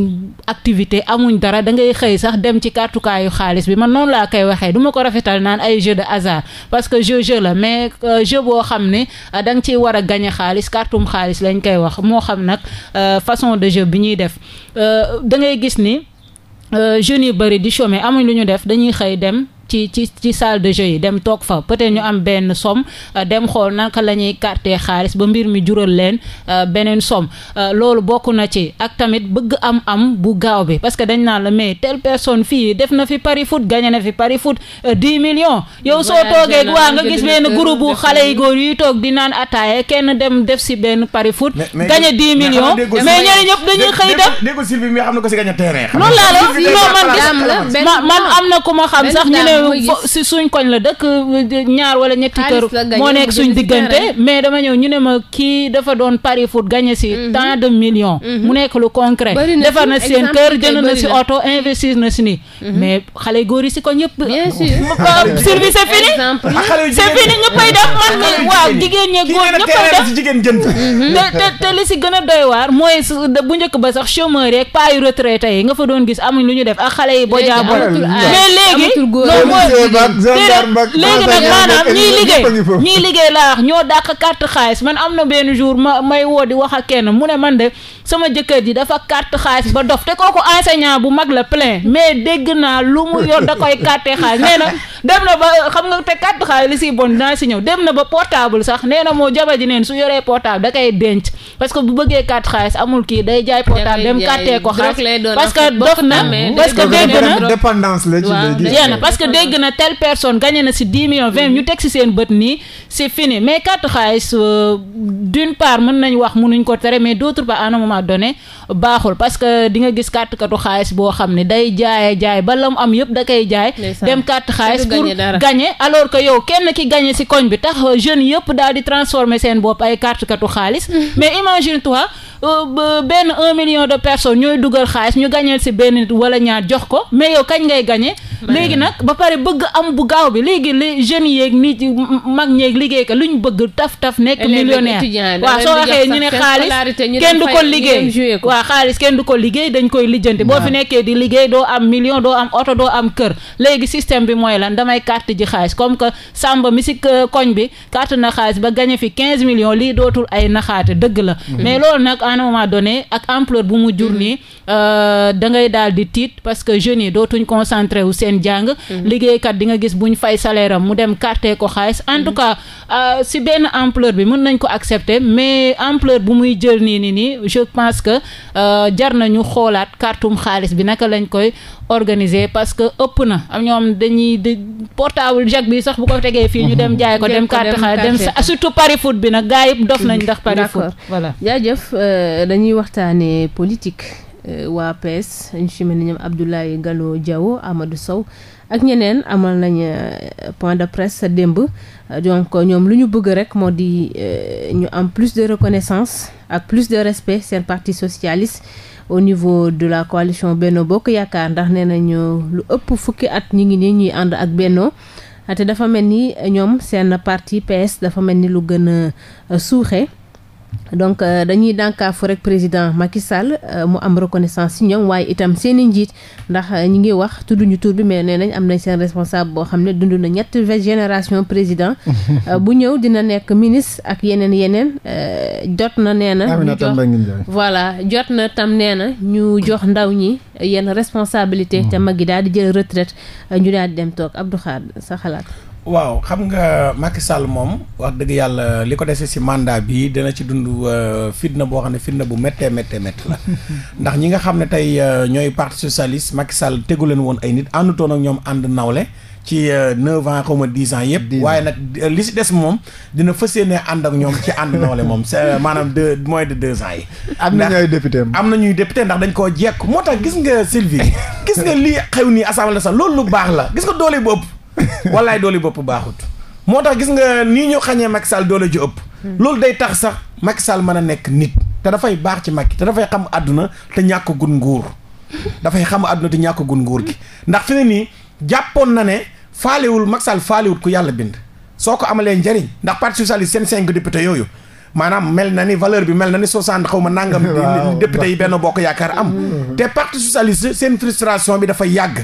[SPEAKER 4] activité amuñ dara da ngay xëy sax dem ci kàttukaayu xaalis bi man noonu laa koy waxee duma ko rafetal naan ay jeu de hasard parce que jeu jeu la mais euh, jeu boo xam ne da nga ciy war a gañe xaalis kartum xaalis lañ koy wax moo xam nag façon de jeu bi ñuy def da gis ni jeunes yu bëri di chômer amuñ lu ñu def dañuy xëy dem ci ci ci salle de jeu yi dem toog fa peut-être ñu am benn somme euh, dem xool naka la ñuy carte xaalis ba mbir mi jural leen euh, beneen somme euh, loolu bokk na ci ak tamit bëgg am am bu gaaw bi parce que dañ naan la mais telle personne fii def na fi pari foot gagné na fi pari foot 10 million yow soo toogee waa nga gis benn groupe bu xale yi góor yuy toog di naan attaaye kenn dem def si benn pari foot gagné 10 millions mais ñeneen ñëpp dañuy xëy dem
[SPEAKER 2] dégg laa
[SPEAKER 4] la non man Euh, si suñ koñ la dëkk euh, ñaar wala ñetti kër moo nekk suñ diggante mais dama ñëw ñu ne ma kii dafa doon pari foot gagné si mhm. tant de millions mhm. mu nekk lu concret defar na seen kër jënd na si oto investir na si nii mhm. mais xale góor yi si koñ yëpp euh, survie ah, c'est fini c'est fini ñëppay def man mi waaw jigéen ñi góor ñëppay def jigéen jënd te te li si gën a doy waar mooy bu njëkk ba sax chômeur yeeg pas yu retraité yi nga fa doon gis amuñ lu ñu def ak xale yi boo jaaboo policier baag gendarme baag léegi nag maanaam ñiy liggéey ñiy liggéey laa ñoo dàq carte xaalis man am na benn jour ma may woo di wax ak kenn mu ne man de sama jëkkër ji dafa carte xaalis ba dof te kooku enseignant bu mag la plein mais dégg naa lu mu yor da koy carte xaalis nee na dem na ba xam nga te carte xaalis li si bon dinaa si ñëw dem na ba portable sax nee na moo jabar ji neen su yoree portable da koy denc parce que bu bëggee carte xaalis amul kii day jaay portable dem carte ko xaalis parce que dof na parce que dégg na tel la ci na personne gagné na si dix vingt ñu teg si seen bët nii c'est fini mais carte xaalis euh, d'une part mën nañ wax mënuñ ko tere mais d'autre part à un moment donné baaxul parce que di nga gis kàttkatu xaalis boo xam ne day jaay jaay ba la mu am yëpp da kay jaay dem kàtt xaalis pour gagner alors que yow kenn ki gagner ci koñ bi tax jeunes yëpp daal di transformer seen bopp ay kàttkatu xaalis mais imagine toi Euh, benn un million de personnes ñooy dugal xaalis ñu gañeel si benn nit wala ñaar jox ko mais yow kañ ngay gañe léegi nag ba pare bëgg am bu gaaw bi léegi les jeunes yeeg nit mag liggéey liggéeykat lu ñu bëgg taf taf nekk millionnaire waaw soo waxee ñu ne xaalis kenn du ko liggéey waa xaalis kenn du ko liggéey dañ koy lijjanti boo fi nekkee di liggéey doo am million doo am oto doo am kër léegi système bi mooy lan damay carte ji xaalis comme que sàmba mi si koñ bi carte na xaalis ba gañe fi quinze millions lii dootul ay naxaate dëgg la mhm. à un moment donné ak ampleur bu mu jur nii euh, da ngay daal di tiit parce que jeunes yi dootuñ concentré wu seen jàng. Mm-hmm. liggéeykat di nga gis buñ fay salaire am mu dem carte ko xaalis. en tout mm-hmm. cas euh, si benn ampleur bi mën nañ ko accepter mais ampleur bu muy jël nii nii nii je pense que euh, jar nañu xoolaat kartum xaalis bi naka lañ koy organiser parce que ëpp na am ñoom dañuy portable jack bi sax bu ko tegee fii ñu dem jaay ko dem carte xaalis dem surtout pari foot bi nag gars yi dof nañ ndax pari
[SPEAKER 1] dañuy waxtaanee politique euh, waa PS ñu ci mel ni ñoom Abdoulaye Gallo Diaw Amadou Sow ak ñeneen amal nañ euh, point de presse démb donc ñoom lu ñu bëgg rek moo di euh, ñu am plus de reconnaissance ak plus de respect seen parti socialiste au niveau de la coalition Benno Bokk Yaakaar ndax nee nañu lu ëpp fukki at ñi ngi nii ñuy ànd ak Benno te dafa mel ni ñoom seen parti PS dafa mel ni lu gën a suuxee donc euh, dañuy dànkaafu rek président Macky Sall euh, mu am reconnaissance ci ñoom waaye itam seen i njiit ndax euh, ñi ngi wax tudduñu tur bi mais nee nañ am nañ seen responsable boo xam ne dund na ñett génération président. bu ñëw dina nekk ministre ak yeneen yeneen jot na nee na. ñu jox voilà jot na tam nee na ñu jox ndaw ñi yenn responsabilité. Mm-hmm. te mag yi daal di jël retraite ñu daal di dem toog Abdou Khadre sa xalaat.
[SPEAKER 2] waaw xam nga Macky Sall moom wax dëgg yàlla li ko dese si mandat bi dina ci dund euh, fitna boo xam ne fitna bu méttee méttee métti la ndax ñi nga xam ne tey euh, ñooy parti socialiste Macky Sall tegu leen woon ay nit àndutoon ak ñoom ànd nawle ci euh, neuf ans xaw ma dix ans yëpp waaye nag li si des moom dina fas yéene ànd ak ñoom ci ànd nawle moom maanaam deux moins de deux ans yi am na ñooy député am na ñuy député ndax dañ koo jekk moo tax gis nga Sylvie gis nga lii xew nii assemblée sax loolu lu baax la gis wallaay doole bopp baaxut. moo tax gis nga nii ñu xañee Macky Sall doole ju ëpp. Hmm. loolu day tax sax Macky Sall mën a nekk nit. te dafay baax ci Macky te dafay xam àdduna te ñàkk gun nguur. dafay xam àdduna te ñàkk gun nguur gi. ndax fi ne nii jàppoon na ne faalewul Macky Sall faalewut ku yàlla bind. soo ko amelee njariñ ndax parti socialiste seen cinq député yooyu. maanaam mel na ni valeur bi mel na ni soixante xaw ma nàngam député yi benn bokk yaakaar am. Hmm. te parti socialiste seen frustration bi dafa yàgg.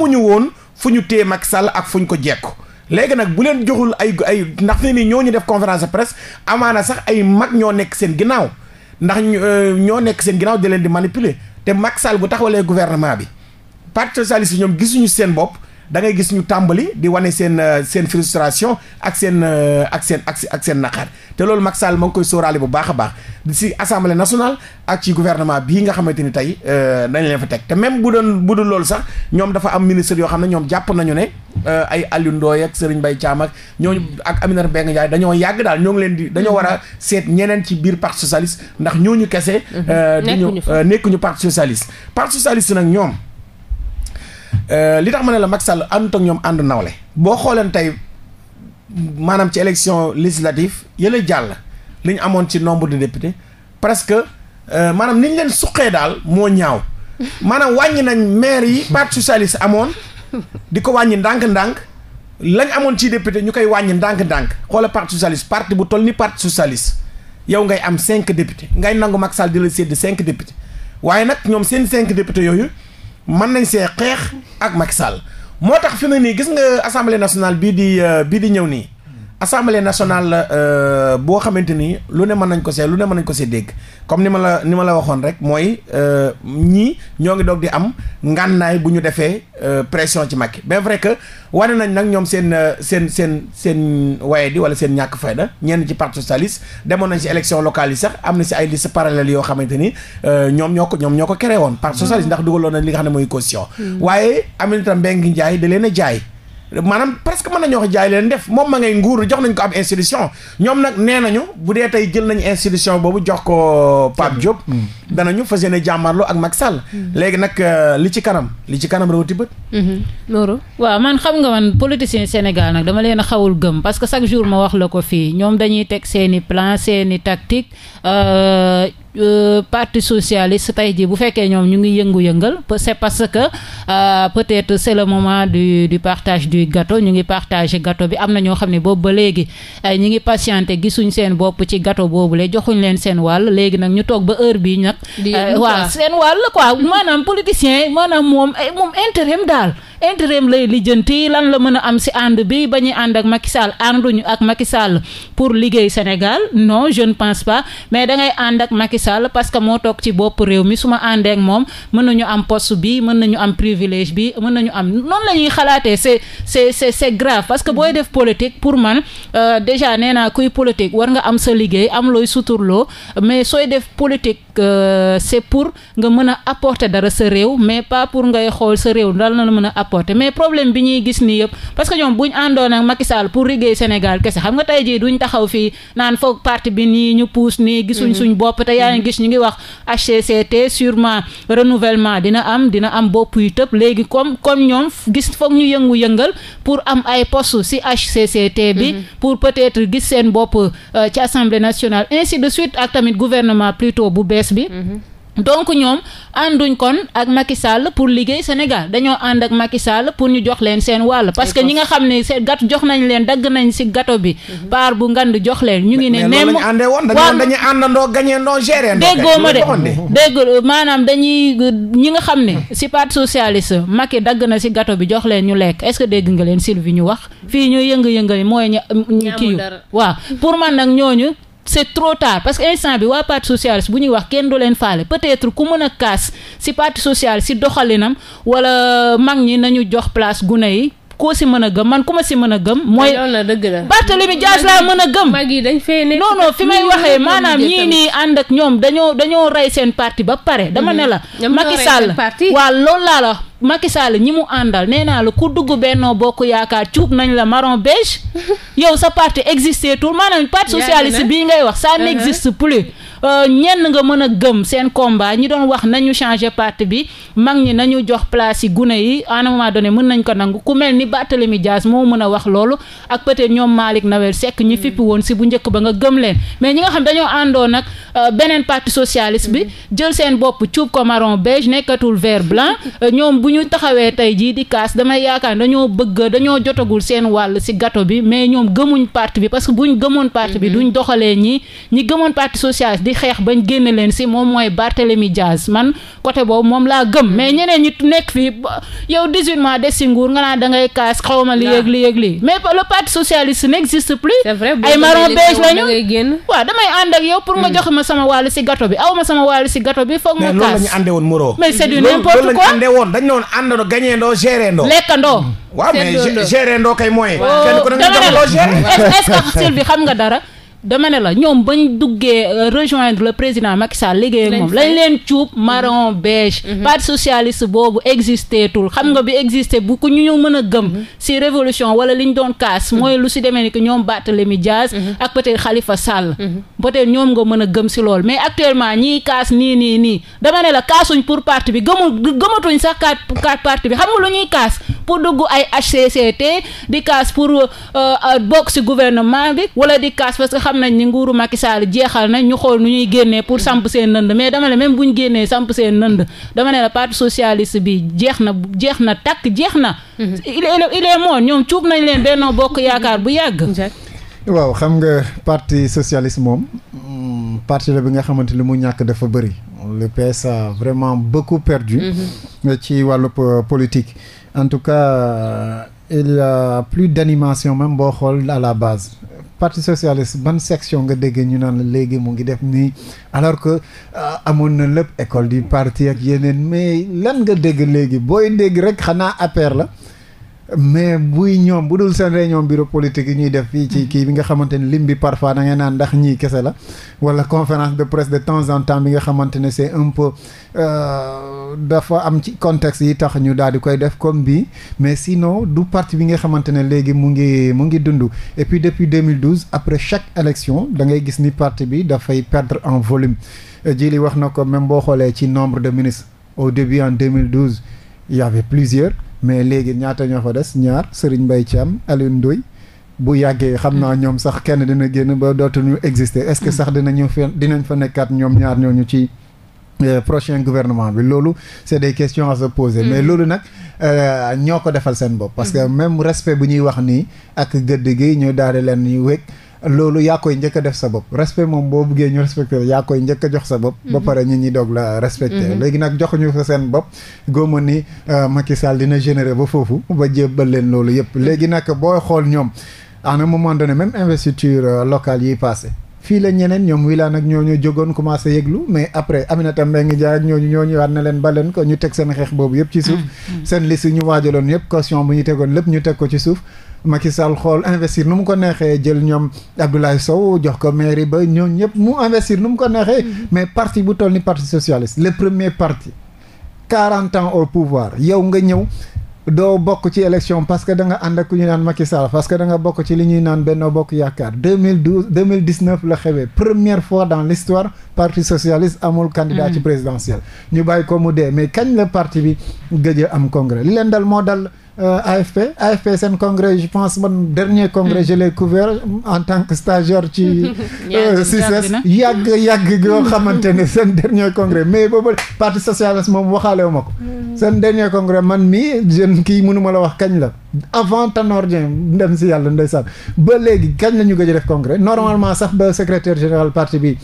[SPEAKER 2] woon. fu ñu téye Macky Sall ak fu ñu ko jekku léegi nag bu leen joxul ay ay ndax ne ni ñoo ñu def conférence de presse amaana sax ay mag ñoo nekk seen ginnaaw ndax euh, ñoo nekk seen ginnaaw di leen di manipuler te Macky Sall bu taxawalee gouvernement bi parti socialiste yi ñoom gisuñu seen bopp da ngay gis ñu tàmbali di wane seen euh, seen frustration euh, ak seen ak seen ak seen naqar te loolu Macky Sall ma ngi koy sóoraale bu baax a baax si assemblée national ak ci gouvernement bii nga xamante ni tey euh, dañ leen fa teg te même bu doon bu dul loolu sax ñoom dafa am ministre yoo xam ne ñoom jàpp nañu ne ay Aliou Ndoye ak Serigne bay Thiam ak ñooñu ak Aminata Mbengue Ndiaye dañoo yàgg daal ñoo ngi leen di dañoo war a seet ñeneen ci biir parti socialiste ndax ñooñu kese. Mhm. nekkuñu fa nekkuñu parti socialiste parti socialiste nag ñoom. Euh, li tax ma ne la Macky Sall àndut ak ñoom ànd nawle boo xooleen tey maanaam ci élection législative yële jàll li amoon ci nombre de députés presque euh, maanaam ni leen suqee daal moo ñaaw maanaam wàññi nañ maire yi parti socialiste amoon di ko wàññi ndànk-ndànk lañ amoon ci député ñu koy wàññi ndànk-ndànk xoola parti socialiste parti bu toll ni parti socialiste yow ngay am cinq députés ngay nangu Macky Sall di la sédd cinq députés waaye nag ñoom seen cinq députés yooyu mën nañ see xeex ak ma Sall moo tax fi ne nii gis nga assemblée nationale bii di euh, bii di ñëw nii assemblée national euh, boo xamante ni lu ne mën nañ ko see lu ne mën nañ ko se dégg comme ni ma la ni ma la waxoon rek mooy euh, ñii ñoo ngi doog di am ngànnaay bu ñu defee euh, pression ci Macky mais vrai que wane nañ nag ñoom seen euh, seen seen seen waye di wala seen ñàkk fayda ñenn ci parti socialiste demoon nañ si élection locale yi sax am na si ay liste parallèle yoo xamante ni ñoom ñoo ko ñoom ñoo ko créé woon parti mm. socialiste ndax dugaloon nañ li nga xam ne mooy caution mm. waaye Aminata Mbengue Ndiaye da leen a jaay maanaam presque mën nañoo wax jaay leen def moom ma ngay nguur jox nañ ko am institution ñoom nag nee nañu bu dee tey jël nañu institution boobu jox ko Pape Diop. Mm. danañu fas yéene jàmmarloo ak Macky Sall. Mm. léegi nag euh, li ci kanam li ci kanam rawati bët.
[SPEAKER 4] loolu mm-hmm. waaw man xam nga man politicien Sénégal nag dama leen a xawul gëm parce que chaque jour ma wax la ko fii ñoom dañuy teg seen i plan seen i Euh, parti socialiste tey jii bu fekkee ñoom ñu ngi yëngu-yëngal c'est parce que euh, peut-être c'est le moment du du partage du gato ñu ngi partage gato bi am na ñoo xam ne boobu ba léegi ñu ngi patienter gisuñ seen bopp ci gato boobu la joxuñ leen seen wàll léegi nag ñu toog ba heure bii nag euh, waa seen wàll quoi maanaam politicien maanaam moom moom intérim daal intérim lay lijjanti lan la mën a am si ànd bi ba ñuy ànd ak Macky Sall ànduñu ak Macky Sall pour liggéey Sénégal non jeune pense pas mais da ngay ànd ak Macky Sall parce que moo toog ci bopp réew mi su ma àndee moom mën nañu am post bi mën nañu am privilège bi mën nañu am noonu la ñuy xalaatee c'est c'est c'est c'est grave parce que booy def politique pour man euh, déjà nee naa kuy politique war nga am sa liggéey am looy suturloo mais sooy def politique euh, c'est pour nga mën a apporter dara sa réew mais pas pour ngay xool sa réew dal apporter mais problème bi ñuy gis ni yëpp parce que ñoom buñ ñu àndoon ak Macky Sall pour liggéey Sénégal kese xam nga tey jii duñ taxaw fii naan foog parti bi nii ñu puus nii. gisuñ mhm. suñ bopp te yaa ngi gis ñu ngi wax HCCT sûrement renouvellement dina am dina am bopp yu tëb léegi comme kon ñoom gis foog ñu yëngu-yëngal pour am ay poste si HCCT bi. Mhm. pour peut-être gis seen bopp euh, ci assemblée nationale ainsi de suite ak tamit gouvernement plutôt bu bees bi. Mhm. donc ñoom ànduñ kon ak Macky Sall pour liggéey Sénégal dañoo ànd ak Macky Sall pour ñu jox leen seen wàll parce que ñi nga xam ne seen gat jox nañ leen dagg nañ si gato bi mhm. part bu ngand jox leen ñu ngi ne neem waaw dañuy
[SPEAKER 2] àndandoo gañeendoo géré déggoo ma de
[SPEAKER 4] dégg maanaam dañuy ñi nga xam ne si parti socialiste Macky dagg na si gato bi jox leen ñu lekk est-ce que dégg nga leen Sylvie ñu wax fii ñuy yëng yënga-yënga mooy ñu kiiw waaw pour man nag ñooñu c'est trop tard parce que instant bi waa parti socialiste bu ñuy wax kenn du leen faale peut-être ku mën a kaas ci parti socialiste ci doxalinam walla mag ñi nañu jox place gune yi koo si mën a gëm man ku ma si mën a gëm. mooy ah, Barthélémy Dias laa mën a gëm. mag yi dañ fee nekk non non fi may waxee maanaam ñii nii ànd ak ñoom dañoo dañoo rey seen parti ba pare. dama mhm. ne la Macky Sall waaw loolu laa la. Macky Sall ñi mu àndal nee naa la ku dugg Benno Bokk Yaakaar cuub nañ la marron beige yow sa parti existé tout maanaam parti socialiste bii ngay wax ça uh-huh. n'existe plus euh, ñenn nga mën a gëm seen combat ñi doon wax nañu changer parti bi mag ñi nañu jox place yi gune yi à un moment mën nañ ko nangu ku mel ni Barthélémy Dias moo mën a wax loolu ak peut-être ñoom Malick Nawel sekk ñi fippi mm. woon si bu njëkk ba nga gëm leen mais ñi nga xam dañoo àndoon nag euh, beneen parti socialiste bi mm. jël seen bopp cuub ko marron beige nekkatul vert blanc euh, ñoom bu ñu taxawee tey jii di kaas damay yaakaar dañoo bëgg dañoo jotagul seen wàll ci gato bi mais ñoom gëmuñ part bi parce que bu buñ gëmoon parti bi mm-hmm. duñ doxalee ñi ñi gëmoon parti socialiste di xeex bañ génne leen si moom mooy Barthélemy Diaz man côté boobu moom laa gëm mais mm-hmm. ñeneen ñi nekk fii yow 18 mois des ci nguur nga naa da ngay kaas xawma li yëg li yëg li mais le parti socialiste n'existe plus ay marron beige lañu waa damay ànd ak yow pour nga mm-hmm. joxe ma sama wàll ci gâteau bi aw ma sama wàll ci gâteau bi foog ma kaas
[SPEAKER 2] mais doon àndandoo gañeendoo géréendoo. lekkandoo. waaw mais géréendoo kay mooy. kenn ku ne nga jox loo géré. est-ce
[SPEAKER 4] que Sylvie xam nga dara. dama ne la ñoom bañ duggee euh, rejoindre le président Macky Sall liggéey ak moom lañ leen cuub marron beige mhm. parti socialiste boobu existé tul xam nga bi mhm. existé bu ku ñu mën a gëm mhm. si révolution wala li ñu doon kaas mooy lu si demee ni que ñoom Barthélémy Dias ak peut Khalifa Sall peut ñoom nga mën a gëm si lool mais actuellement ñii kaas nii nii nii dama ne la kaasuñ pour parti bi gëmul gëmatuñ sax kaat parti bi xam nga lu ñuy kaas pour dugg ay HCCT di kaas pour euh, euh, bokk si gouvernement xam nañ ni nguuru Macky Sall jeexal nañ ñu xool nu ñuy génnee pour samp seen nënd mais dama ne même bu ñu génnee samp seen nënd dama ne la parti socialiste bi jeex na jeex na takk jeex na. Mhm. il est il ñoom cuub nañ leen Benno Bokk Yaakaar bu yàgg.
[SPEAKER 3] waaw xam nga parti socialiste moom mm, parti la bi nga xamante ni mu ñàkk dafa bëri. le PS a vraiment beaucoup perdu. Mhm. Euh, ci wàllu euh, politique. en tout cas euh, il y a plus d'animation même boo xool à la base. parti socialiste ban section nga déggee ñu naan la léegi mu ngi def nii alors que euh, amoon na lépp école du parti ak yeneen mais lan nga dégg léegi booy dégg rek xanaa APR la. mais buy ñoom bu dul seen réunion bureau politique yi ñuy def fii ci mm-hmm. kii bi nga xamante ne lim bi parfois da naan ndax ñii kese la wala conférence de presse de temps en temps bi nga xamante ne c'est un peu euh, dafa am ci contexte yi tax ñu daal di koy def comme bi mais sinon du parti bi nga xamante ne léegi mu ngi mu ngi dund et puis depuis 2012 après chaque élection da ngay gis ni parti bi dafay perdre en volume ji wax na ko même boo xoolee ci nombre de ministres au début en 2012 il y avait plusieurs mais léegi ñaata ñoo fa des ñaar Serigne Mbaye Thiam Alioune Ndoye bu yàggee xam naa ñoom sax kenn dina génn ba dootuñu exister est-ce que sax dinañu fa dinañ fa nekkaat ñoom ñaar ñooñu ci euh, prochain gouvernement bi loolu c'est des questions à se poser mm. mais loolu nag euh, ñoo ko defal seen bopp parce que mm. même respect bu ñuy wax nii ak gëdd gi ñu daal di leen wékk loolu yaa koy njëkk def sa bopp respect moom boo buggee ñu respecté yaa koy njëkk a jox sa bopp. ba mhm. pare nit ñi doog la respecté. Mhm. léegi nag joxuñu ko seen bopp góoma ni euh, Macky Sall dina généré ba foofu ba jébbal leen loolu yëpp mhm. léegi nag booy xool ñoom à un moment donné même investiture euh, locale yi passé fii la ñeneen ñoom wilaan ak ñooñu jógoon commencé yëglu mais après Aminata ngi Ndiaye ak ñooñu ñooñu waat na leen ba leen ko ñu teg seen xeex boobu yëpp ci suuf. seen liste ñu waajaloon yëpp caution bu ñu tegoon lépp ñu teg ko ci suuf. Macky Sall xool investir nu mu ko neexee jël ñoom Abdoulaye Sow jox ko mairie ba ñoo ñëpp mu investir nu mu ko neexee. Mm-hmm. mais parti bu toll ni parti socialiste le premier parti. 40 ans au pouvoir yow nga ñëw. doo bokk ci élection parce que da nga ànd ak ku ñu naan Macky Sall parce que da nga bokk ci li ñuy naan Benno Bokk Yaakaar 2012 2019 la xewee première fois dans l'histoire parti socialiste amul candidat ci mm-hmm. présidentiel ñu bàyyi ko mu dee mais kañ la parti bi gëj a am congrès li leen dal moo dal Euh, AFP AFP seen congrès je pense man dernier congrès hmm. je l'ai couvert en tant que stagiaire ci CICES euh, yàgg yàgg yoo hmm. xamante ne seen dernier congrès mais booba parti socialiste moom waxaale ma ko hmm. seen dernier congrès man mii jeune kii mënuma la wax kañ la avant Tanor Dieng ndem si yàlla ndeysaan ba léegi kañ la ñu gëj def congrès normalement sax ba secrétaire général parti bi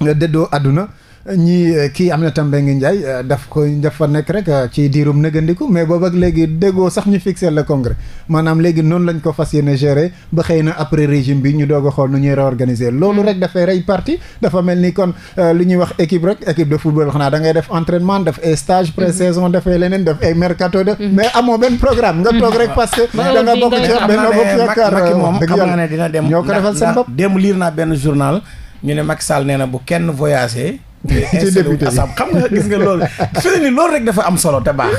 [SPEAKER 3] euh, doo àdduna ñi eh, kii am na Aminata Mbengue Ndiaye eh, daf ko dafa nekk rek eh, ci diirum nëgëndiku mais boobu ak léegi déggoo sax ñu fixé le congrès maanaam léegi noonu lañ ko fas yéene gérer ba xëy na après régime bi ñu doog a xool nu ñuy réorganiser loolu rek dafay rey parti dafa mel ni kon lu ñuy wax équipe rek équipe de football xanaa da def entraînement def ay stage mhm. pré saison dafay leneen def ay mercato def mhm. mais amoo benn programme nga toog rek mhm. parce que da nga bokk ci benn bokk yaakaar moom xam naa ne dina dem ñoo ko defal seen bopp
[SPEAKER 2] benn journal ñu ne Macky Sall nee na bu kenn voyagé asam xam nga gis nga loolu fi ne nii loolu rek dafa am solo te baax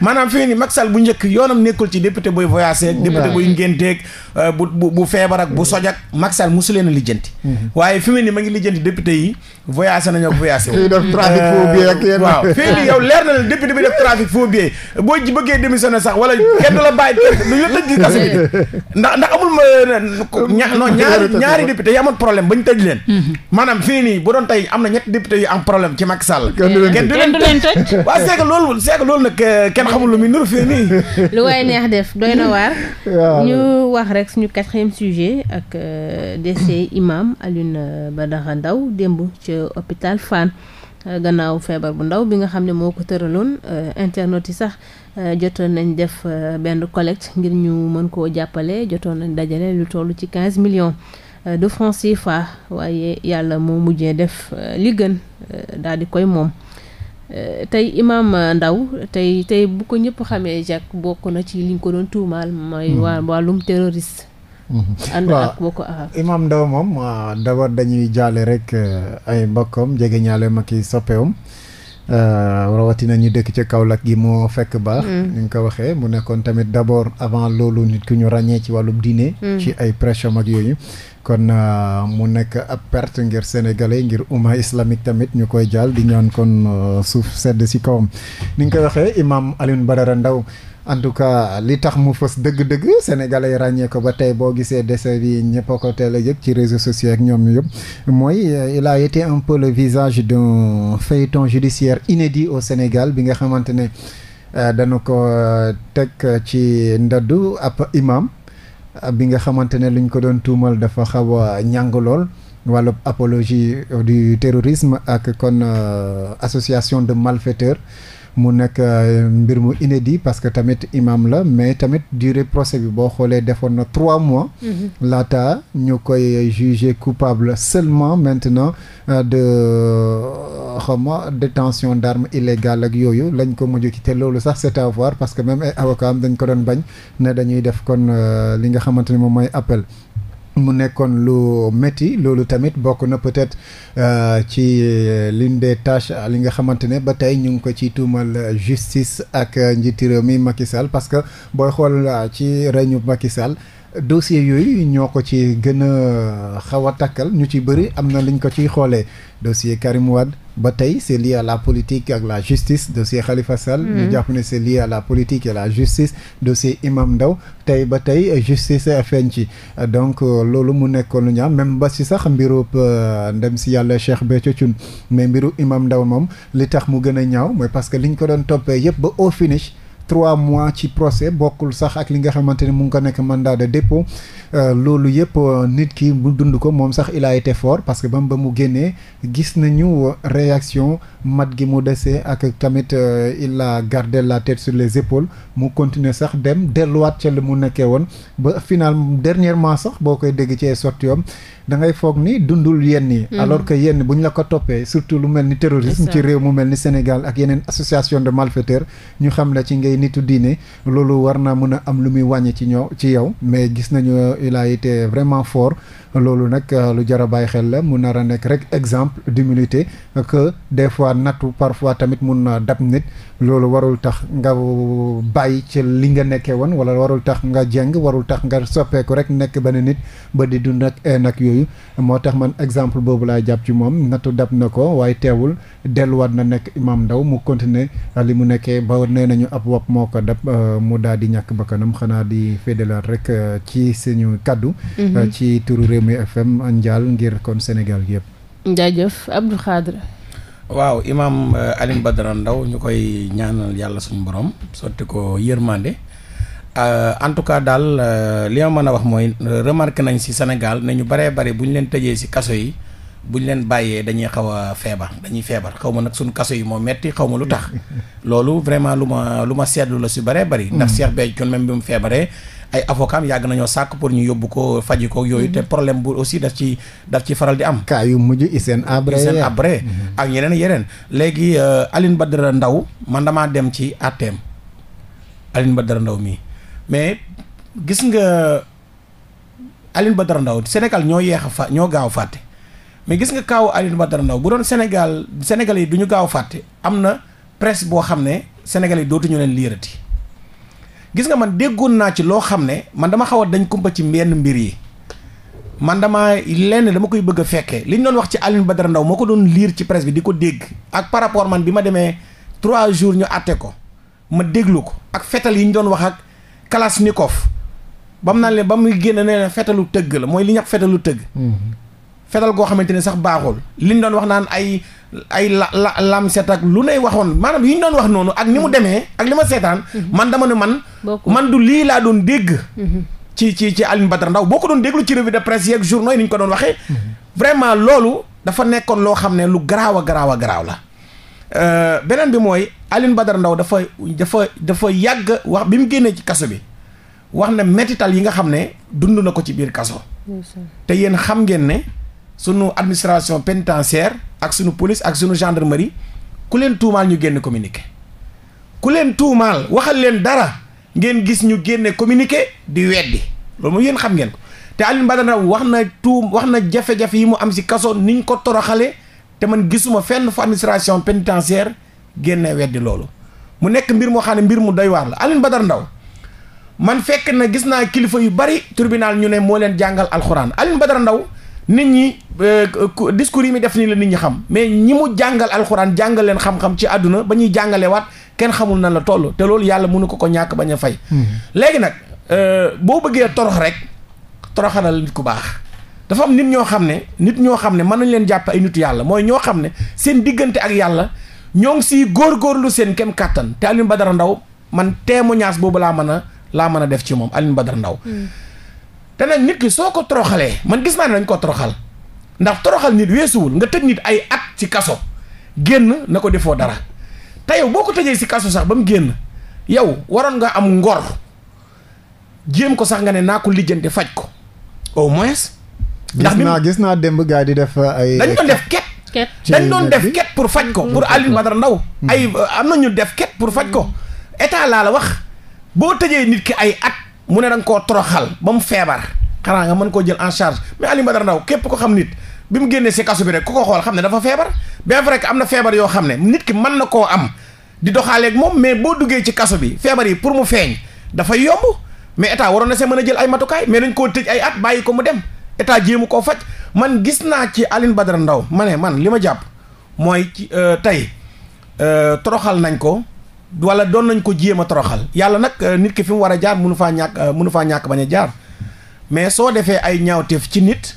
[SPEAKER 2] maanaam fi ne nii Macky Sall bu njëkk yoonam nekkul ci député buy voyagé ak député buy euh, bu bu bu bu soj ak Macky Sall a lijjanti mhm. waaye fi mu ngi lijjanti député yi voyagé nañoo ak voyagé wu euh, waaw fi nii leer na la député bi def trafic phobie boo ji bëggee démissionné sax wala kenn du la bàyyi kenn du la tëj ci kaso bi ndax ndax amul ma euh, ñaari ñaari député yi amoon problème bañ tëj leen mhm. en problème ci Macky Sall. kenn du leen tëj waaw c'est loolu c'est loolu nag euh, kenn xamul lu muy nuru fii nii. lu
[SPEAKER 1] waay neex def doy na waar. ñu wax rek suñu quatrième sujet ak euh, décès imam euh, ba daxa ndaw démb ca hôpital fan gannaaw feebar bu ndaw bi nga xam ne moo ko tëraloon internet yi sax jotoon nañ def benn collecte ngir ñu mën koo jàppale jotoon nañ dajale lu toll ci quinze millions. de francs CFA waaye yàlla moo mujjee def euh, li gën euh, daal di koy moom euh, tey Imam Ndao tey tey bu ko ñëpp xamee Jacques bokk na ci liñ ko doon tuumaal mooy hmm. waa wàllum terroriste
[SPEAKER 3] hmm. ànd ak bokk arab Imam Ndao moom d'abord dañuy jaale rek ay mbokkam jege ñaale ma ki soppewam rawatina ñu dëkk ca Kaolack gi moo fekk baax. Hmm. ni ñu ko waxee mu nekkoon tamit d'abord avant loolu nit ku ñu ràññee ci wàllum diine. ci ay pression ak yooyu. kon euh, mu nekk ab perte ngir sénégalais ngir umma islamique tamit ñu koy jaal di ñaan kon euh, suuf sedd si kawam ni nga koy waxee imam Alioune Badara ndaw en tout cas li tax mu fës dëgg-dëgg sénégalais ràññee ko ba tey boo gisee décès bi ñëpp ko teel a yëg ci réseaux sociaux ak ñoom yëpp mooy euh, il a été un peu le visage d'un feuilleton judiciaire inédit au Sénégal bi nga xamante ne dana ko teg ci ndaddu ab imam bi nga xamante ne luñ ko doon tuumal dafa xaw a ñàng lool wàllu apologie du terrorisme ak kon euh, association de malfaiteurs mu nekk euh, mbir mu inédit parce que tamit imam la mais tamit durée procès bi boo xoolee defoon na trois mois. Mm-hmm. laata ñu koy jugé coupable seulement maintenant euh, de euh, xawma détention d'armes illégales ak yooyu lañ ko mujj ci te loolu sax c'est à voir parce que même ay am dañ ko doon bañ ne dañuy def kon li nga xamante ni moom mooy appel. mu nekkoon lu métti loolu tamit bokk na peut-être euh, ci euh, l'une des tâches li nga xamante ne ba tey ñu ngi ko ci tuumal euh, justice ak njiiti mi Macky Sall parce que booy xool ci reñu Macky dossier yooyu ñoo ko ci gën a xaw a takkal ñu ci bëri am na liñ ko ciy xoolee dossier Karim ba tey c'est lié à la politique ak la justice dossier Khalifa Sall ñu mm. jàpp c'est lié à la politique et la justice dossier Imam Ndaw tey ba tey justice feeñ ci donc loolu mu nekkoon lu ñaam même ba si sax mbirub euh, ndem si yàlla Cheikh Béthio Thioune mais mbiru Imam Ndaw moom li tax mu gën a ñaaw mooy parce que liñ ko doon toppee yëpp ba au finish trois mois ci procès bokkul sax ak li nga xamante ne mu ngi ko nekk mandat de dépôt euh, loolu yëpp euh, nit ki mu dund ko moom sax il a été fort parce que bam ba mu génnee gis nañu réaction mat gi mu desee ak tamit euh, il a gardé la tête sur les épaules mu continuer sax dem delluwaat ca li mu nekkee woon ba final dernièrement sax boo koy dégg ci ay sortiom da ngay foog ni dundul yenn yi. Mm-hmm. alors que yenn bu ñu la ko toppee surtout lu mel ni terrorisme. ci réew mu mel ni Sénégal ak yeneen association de malfaiteurs ñu xam la ci ngay nitu diine loolu war naa mën a am lu muy wàññi ci ñoo ci yow mais gis nañu euh, il a été vraiment fort. loolu nag euh, lu jar a bàyyi xel la mu nar a nekk rek exemple d'humilité que des fois nattu parfois tamit mun na dab nit loolu warul tax nga bàyyi ci li nga nekkee woon wala warul tax nga jeng warul tax nga soppeeku rek nekk benn nit ba di dund ak een ak yooyu moo tax man exemple boobu laay jàpp ci moom nattu dab na ko waaye teewul delluwaat na nekk imam ndaw mu continuer li mu nekkee ba nee ñu ab wopp moo ko dab euh, mu daal di ñàkk bakkanam xanaa di fédélaat rek euh, ci suñu kaddu mm-hmm. Rewmi FM Ndial ngir kon Sénégal gi yëpp.
[SPEAKER 1] jaajëf Abdou Khadre.
[SPEAKER 2] waaw imaam euh, Alioune Badara ndaw ñu koy ñaanal yàlla suñ boroom sotti ko yërmande euh, en tout cas daal euh, li ma mën a wax mooy remarque nañ si Sénégal ne ñu baree bare bu ñu leen tëjee si kaso yi bu ñu leen bàyyee dañuy xaw a feebar dañuy feebar xaw ma nag suñ kaso yi moo metti xaw ma lu tax loolu vraiment lu ma lu ma seetlu la si baree bari. ndax mm. Cheikh Béthio même bi mu feebaree. ay avocat yàgg nañoo sàkk pour ñu yóbbu ko faji ko yooyu te mhm. problème bu aussi daf ci daf ci faral di am. kaa yu mujj Hissène Habré Hissène Habré mhm. ak yeneen yeneen. léegi euh, Alioune Badara Ndao man damaa dem ci ATM Alioune Badara ndaw mii mais gis nga ba Badara ndaw Sénégal ñoo yéex a fa ñoo gaaw a fàtte mais gis nga kaaw ba dara ndaw bu doon Sénégal Sénégal yi du ñu gaaw fàtte am na presse boo xam ne Sénégal yi dootuñu leen liirati. gis nga man déggoon naa ci loo xam ne man dama xaw a dañ kumpa ci benn mbir yi man dama lenn dama koy bëgg a fekkee li ñu doon wax ci ba dara Ndao moo ko doon liir ci presse bi di ko dégg ak par rapport man bi ma demee trois jours ñu àtte ko ma déglu ko ak fetal yi ñu doon wax ak Kalashnikov ba bam naan leen ba muy génn ne na fetalu tëgg la mooy li ñax fetalu tëgg mhm. fetal goo xamante ni sax baaxul li ñu doon wax naan ay ay la la lam set ak lu nay waxoon maanaam yi ñu doon wax noonu ak ni mu mm-hmm. demee ak li ma seetaan mm-hmm. man dama ne man man du lii laa doon dégg mm-hmm. ci ci ci Alioune Badara Ndao boo ko doon déglu ci revue de presse yeeg journaux yi ni ñu ko doon waxee vraiment loolu dafa nekkoon loo xam ne lu garaaw a garaaw a garaaw la euh, beneen bi mooy Alioune Badara Ndao dafa dafa dafa yàgg wax bi mu génnee ci kaso bi wax na métital yi nga xam ne dund na ko ci biir kaso yéen xam ngeen ne sunu administration pénitentiaire ak sunu police ak sunu gendarmerie ku leen tuumaal ñu génne communiqué ku leen tuumaal waxal leen dara ngeen gis ñu génne communiqué di weddi loolu moom yéen xam ngeen ko te Alioune Badara wax na tuum wax na jafe-jafe yi mu am si kaso ni ñu ko toroxale te man gisuma fenn fu administration pénitentiaire génne weddi loolu mu nekk mbir moo xam mbir mu doy waar la Alioune Badara Ndaw man fekk na gis naa kilifa yu bari tribunal ñu ne moo leen jàngal alxuraan Alioune Ndaw nit ñi euh, discours yi mi def nii la nit ñi xam mais ñi mu jàngal alxuraan jàngal leen xam-xam ci àdduna ba ñuy jàngalee waat kenn xamul nan la toll te loolu yàlla mënu ko ko ñàkk bañ a fay. Hmm. léegi nag euh, boo bëggee torox rek toroxanal nit ku baax. dafa am nit ñoo xam ne nit ñoo xam ne mën nañ leen jàpp ay nitu yàlla mooy ñoo xam ne seen diggante ak yàlla ñoo ngi góor góorgóorlu seen kem kàttan te Alioune Badara Ndaw man témoignage boobu laa mën a laa mën a def ci moom Alioune Badara Ndaw hmm. te nag nit ki soo ko toroxalee man gis naa ne dañ ko toroxal ndax toroxal nit weesuwul nga tëj nit ay at ci kaso génn na ko defoo dara te yow boo ko tëjee si kaso sax ba mu génn yow waroon nga am ngor jéem ko sax nga ne naa ko lijjante faj ko au moins. ndax gis naa
[SPEAKER 3] gis naa démb gars di def euh, ay. dañ ko
[SPEAKER 2] def ket. ket dañ doon def ket pour faj ko. pour hmm. Alioune dara ndaw hmm. ay euh, am na ñu def ket pour faj ko hmm. état laa la wax boo tëjee nit ki ay at. mu ne da koo toroxal ba mu feebar xanaa nga mën koo jël en charge mais Alioune Badara Ndao képp ko xam nit bi mu génnee si kaso bi rek ku ko xool xam ne dafa feebar bien vrai am na feebar yoo xam ne nit ki mën na koo am di doxaaleeg moom mais boo duggee ci kaso bi feebar yi pour mu feeñ dafa yomb mais état waroon na see mën a jël ay matukaay mais nañ koo tëj ay at bàyyi ko mu dem état jéemu koo faj man gis naa ci Alioune Badara Ndao ma ne man li ma jàpp mooy ci euh, tey euh, toroxal nañ ko wala doon nañ ko jéem a toroxal yàlla nag euh, nit ki fi mu war a jaar mënu faa ñàkk euh, mënu faa ñàkk bañ a jaar mais soo defee ay ñaawteef ci nit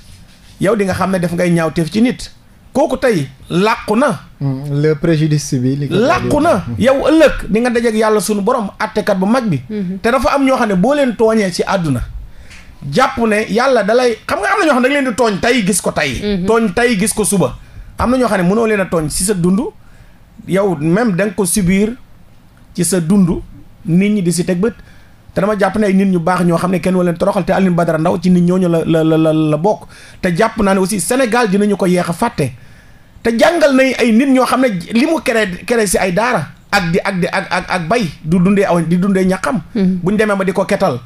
[SPEAKER 2] yow di nga xam ne def ngay ñaawteef ci nit kooku tey
[SPEAKER 3] làqu na. Hmm, le préjudice bi.
[SPEAKER 2] làqu na yow ëllëg di nga dajeek yàlla sunu borom àttekat bu mag bi. Mhm. te dafa am ñoo xam ne boo leen tooñee ci àdduna. jàpp ne yàlla dalay xam nga am na ñoo xam ne da leen di tooñ tey gis ko tey. Mhm. tooñ tey gis ko suba. am na ñoo xam ne mënoo leen a tooñ ci sa dund yow même da ko subir. ci sa dund nit ñi di si teg bët te dama jàpp ne ay nit ñu baax ñoo xam ne kenn wala leen toroxal te Alioune Badara Ndao ci nit ñooñu la la la la bokk te jàpp naa ne aussi Sénégal dinañu ko yeex fàtte te jàngal nay ay nit ñoo xam ne li mu créé créé si ay daara ak di ak di ak ak ak bay du dundee aw di dundee hmm. bu ñu demee ma di ko ketal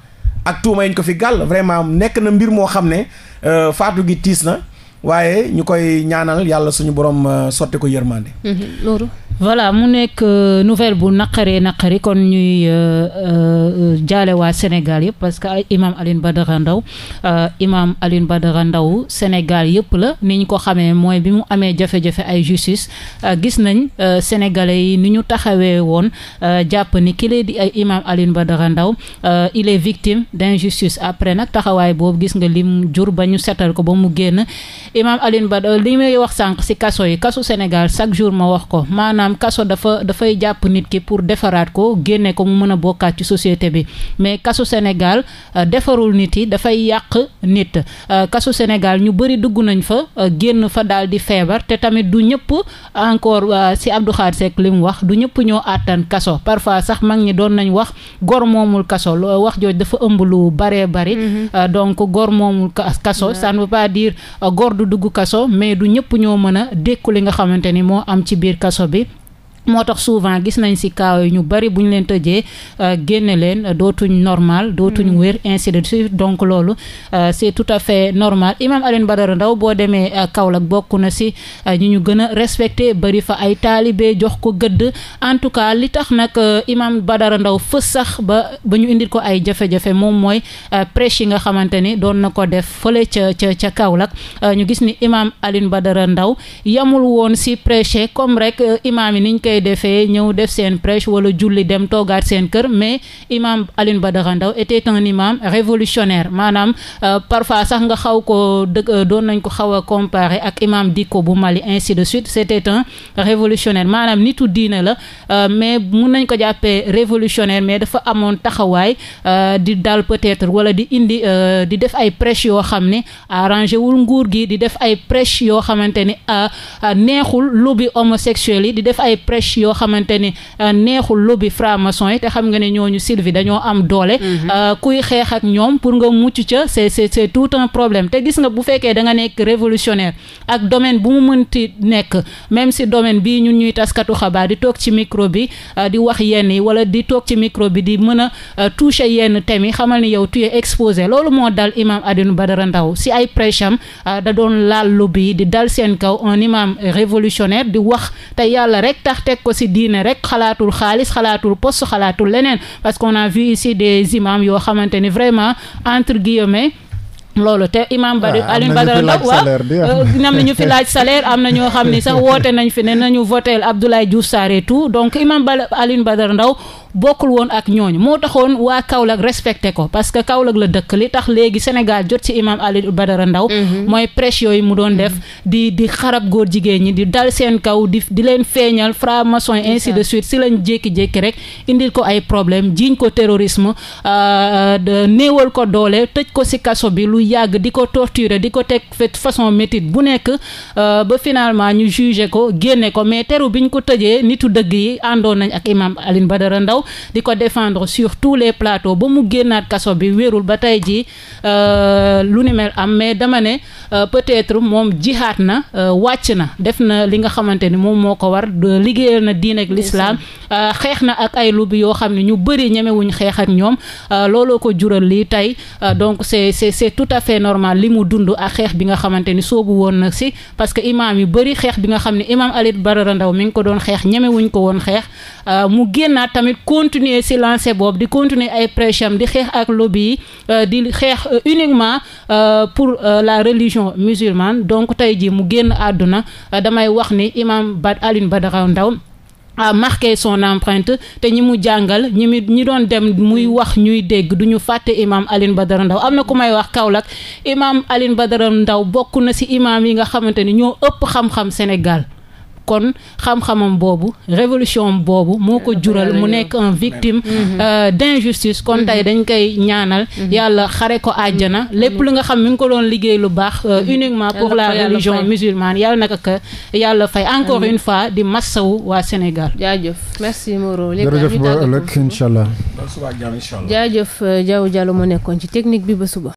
[SPEAKER 2] ak tuuma yañ ko fi gàll vraiment nekk na mbir moo xam ne euh, faatu gi tiis na waaye ñu koy ñaanal yàlla suñu borom euh, sotti ko yërmande
[SPEAKER 4] hmm. voilà mu nekk euh, nouvelle bu naqaree naqari kon ñuy euh, euh, jaale waa Sénégal yëpp parce que imam Alioune Badara Ndao imam Alioune Badara Ndao Sénégal yëpp la ni ñu ko xamee mooy bi mu amee jafe ay justice gis nañ sénégalais yi ni ñu taxawee woon jàpp ni ki di ay imam Alioune Badara Ndao il est victime d'injustice après nag taxawaay boobu gis nga lim jur ba ñu setal ko ba mu génn imam Alioune Badara li may wax sànq si kaso yi kaso Sénégal chaque jour ma wax ko maanaam maanaam kaso dafa dafay jàpp nit ki pour defaraat ko génne ko mu mën a bokkaat ci société bi mais kasu senegal euh, defarul nit yi dafay yàq nit euh, kasu Sénégal ñu bëri dugg nañ fa euh, génn fa dal di feebar te tamit du ñëpp encore si Abdou Khadre Seck li mu wax du ñëpp ñoo àttan kaso parfois sax mag ñi doon nañ wax gor moomul kaso wax jooj dafa ëmb lu baree bari mm-hmm. donc gor moomul kaso ça ne pas dire góor du dugg kaso mais du ñëpp ñoo mën dékku li nga xamante ni moo am ci biir kaso bi moo tax souvent gis nañ ci cas yu ñu bari bu ñu leen tëjee euh, génnee leen dootuñ normal dootuñu mm. wér ainsi de suite donc loolu euh, c'est tout à fait normal Imam Alioune Badara Ndao boo demee euh, Kaolack bokk na ci ñi ñu gën a respecté bari fa ay taalibe jox ko gëdd en tout cas li tax nag Imam Badara Ndao fës sax ba ba ñu indil ko ay jafe-jafe moom mooy prêche yi nga xamante ni doon na ko def fële ca ca ca Kaolack ñu gis ni Imam Alioune Badara ndaw yamul woon ci prêche comme rek imam yi niñ koy koy defee ñëw def seen prêche wala julli dem toogaat seen kër mais imam Alioune Badara Ndao était un imam révolutionnaire maanaam euh, parfois sax nga xaw ko dëgg euh, doon nañ ko xaw a comparé ak imam Dicko bu Mali ainsi de suite c'était un révolutionnaire maanaam nitu diine la euh, mais mun nañ ko jàppee révolutionnaire mais dafa amoon taxawaay di dal peut-être wala di indi di def ay prêche yoo xam ne arrangé wul nguur gi di def ay prêche yoo xamante ni neexul lobby niche yoo xamante ni euh, neexul lobby franc yi te xam nga ne ñooñu Sylvie dañoo am doole. Mhm. Euh, kuy xeex ak ñoom pour nga mucc ca c'est c'est c'est tout un problème te gis nga bu fekkee da nga nekk révolutionnaire ak domaine bu mu mënti nekk même si domaine bii ñun ñuy taskatu xabaar di toog ci micro bi euh, di wax yenn yi wala di toog ci micro bi di mën a toucher yenn thèmes yi xamal ni yow tu es loolu moo dal imam Alioune Badara Ndao si ay prêche da doon laal lobby yi di ko ci diine rek xalaatul xaalis xalaatul poste xalaatul leneen parce qu'on a vu ici des imams yoo xamante ni vraiment entre guillemets loolu te imam Badi ah, Alioune Badara Ndao waaw ah. euh, am na ñu fi laaj salaire am na ñoo xam ni sax woote nañ fi ne nañu votel Abdoulaye Diouf Sarr et tout donc imam Alioune Badara Ndao bokkul woon ak ñooñu moo taxoon waa Kaolack respecté ko parce que Kaolack la dëkk li tax léegi Sénégal jot ci imam Aliou Badara ndaw mhm. mooy prêche yooyu mu doon def mhm. di di xarab góor jigéen ñi di dal seen kaw di di leen feeñal franc-maçon ainsi de suite si lañ jékki-jékki rek indi ko ay problème jiiñ ko terrorisme euh, néewal ko doole tëj ko si kaso bi lu yàgg di ko torturer di ko teg fait façon métit bu nekk euh, ba finalement ñu jugé ko génne ko mais teru biñ ko tëjee nitu dëgg yi àndoon nañ ak imam Aliou Badara Ndao di ko défendre sur tous les plateaux ba mu génnaat kaso bi wérul ba tey jii euh, lu ni mel am mais dama ne euh, peut-être moom jihaat na euh, wàcc na def na li nga xamante ni moom moo ko war liggéeyal na diin ak lislaam xeex na ak ay lubbi yoo xam ne ñu bëri ñemewuñ xeex ak ñoom looloo ko jural lii tey donc c'est c'est c'est tout à fait normal li mu dund ak xeex bi nga xamante ni soobu woon nag si parce que imaam yu bëri xeex bi nga xam ne imaam Alioune Badara ndaw mi ngi ko doon xeex ñemewuñ ko woon xeex mu génnaat continuer ci lancé boobu di continuer ay prêche am di xeex ak lobby yi euh, di xeex euh, uniquement euh, pour la religion musulmane donc tey jii mu génn àdduna damay wax ni imam Bad Alioune Badara Ndao a marqué son empreinte te ñi mu jàngal ñi mu doon dem muy wax ñuy dégg du ñu fàtte imam Alioune Badara Ndao am na ku may wax Kaolack imam Alioune Badara ndaw bokk na ci imam yi nga xamante ni ñoo ëpp xam-xam Sénégal kon xam-xamam boobu révolution boobu moo ko jural mu nekk un victime mm-hmm. Mm-hmm. Euh, d'injustice kon tey mm-hmm. dañ koy ñaanal yàlla xare ko àjjana lépp lu nga xam mi ngi ko doon liggéey lu baax euh, uniquement pour la religion musulmane yàlla naka ka yàlla fay
[SPEAKER 3] encore une
[SPEAKER 1] fois di massawu waa Sénégal jaajëf merci Moreau
[SPEAKER 4] léegi ba
[SPEAKER 1] ëllëg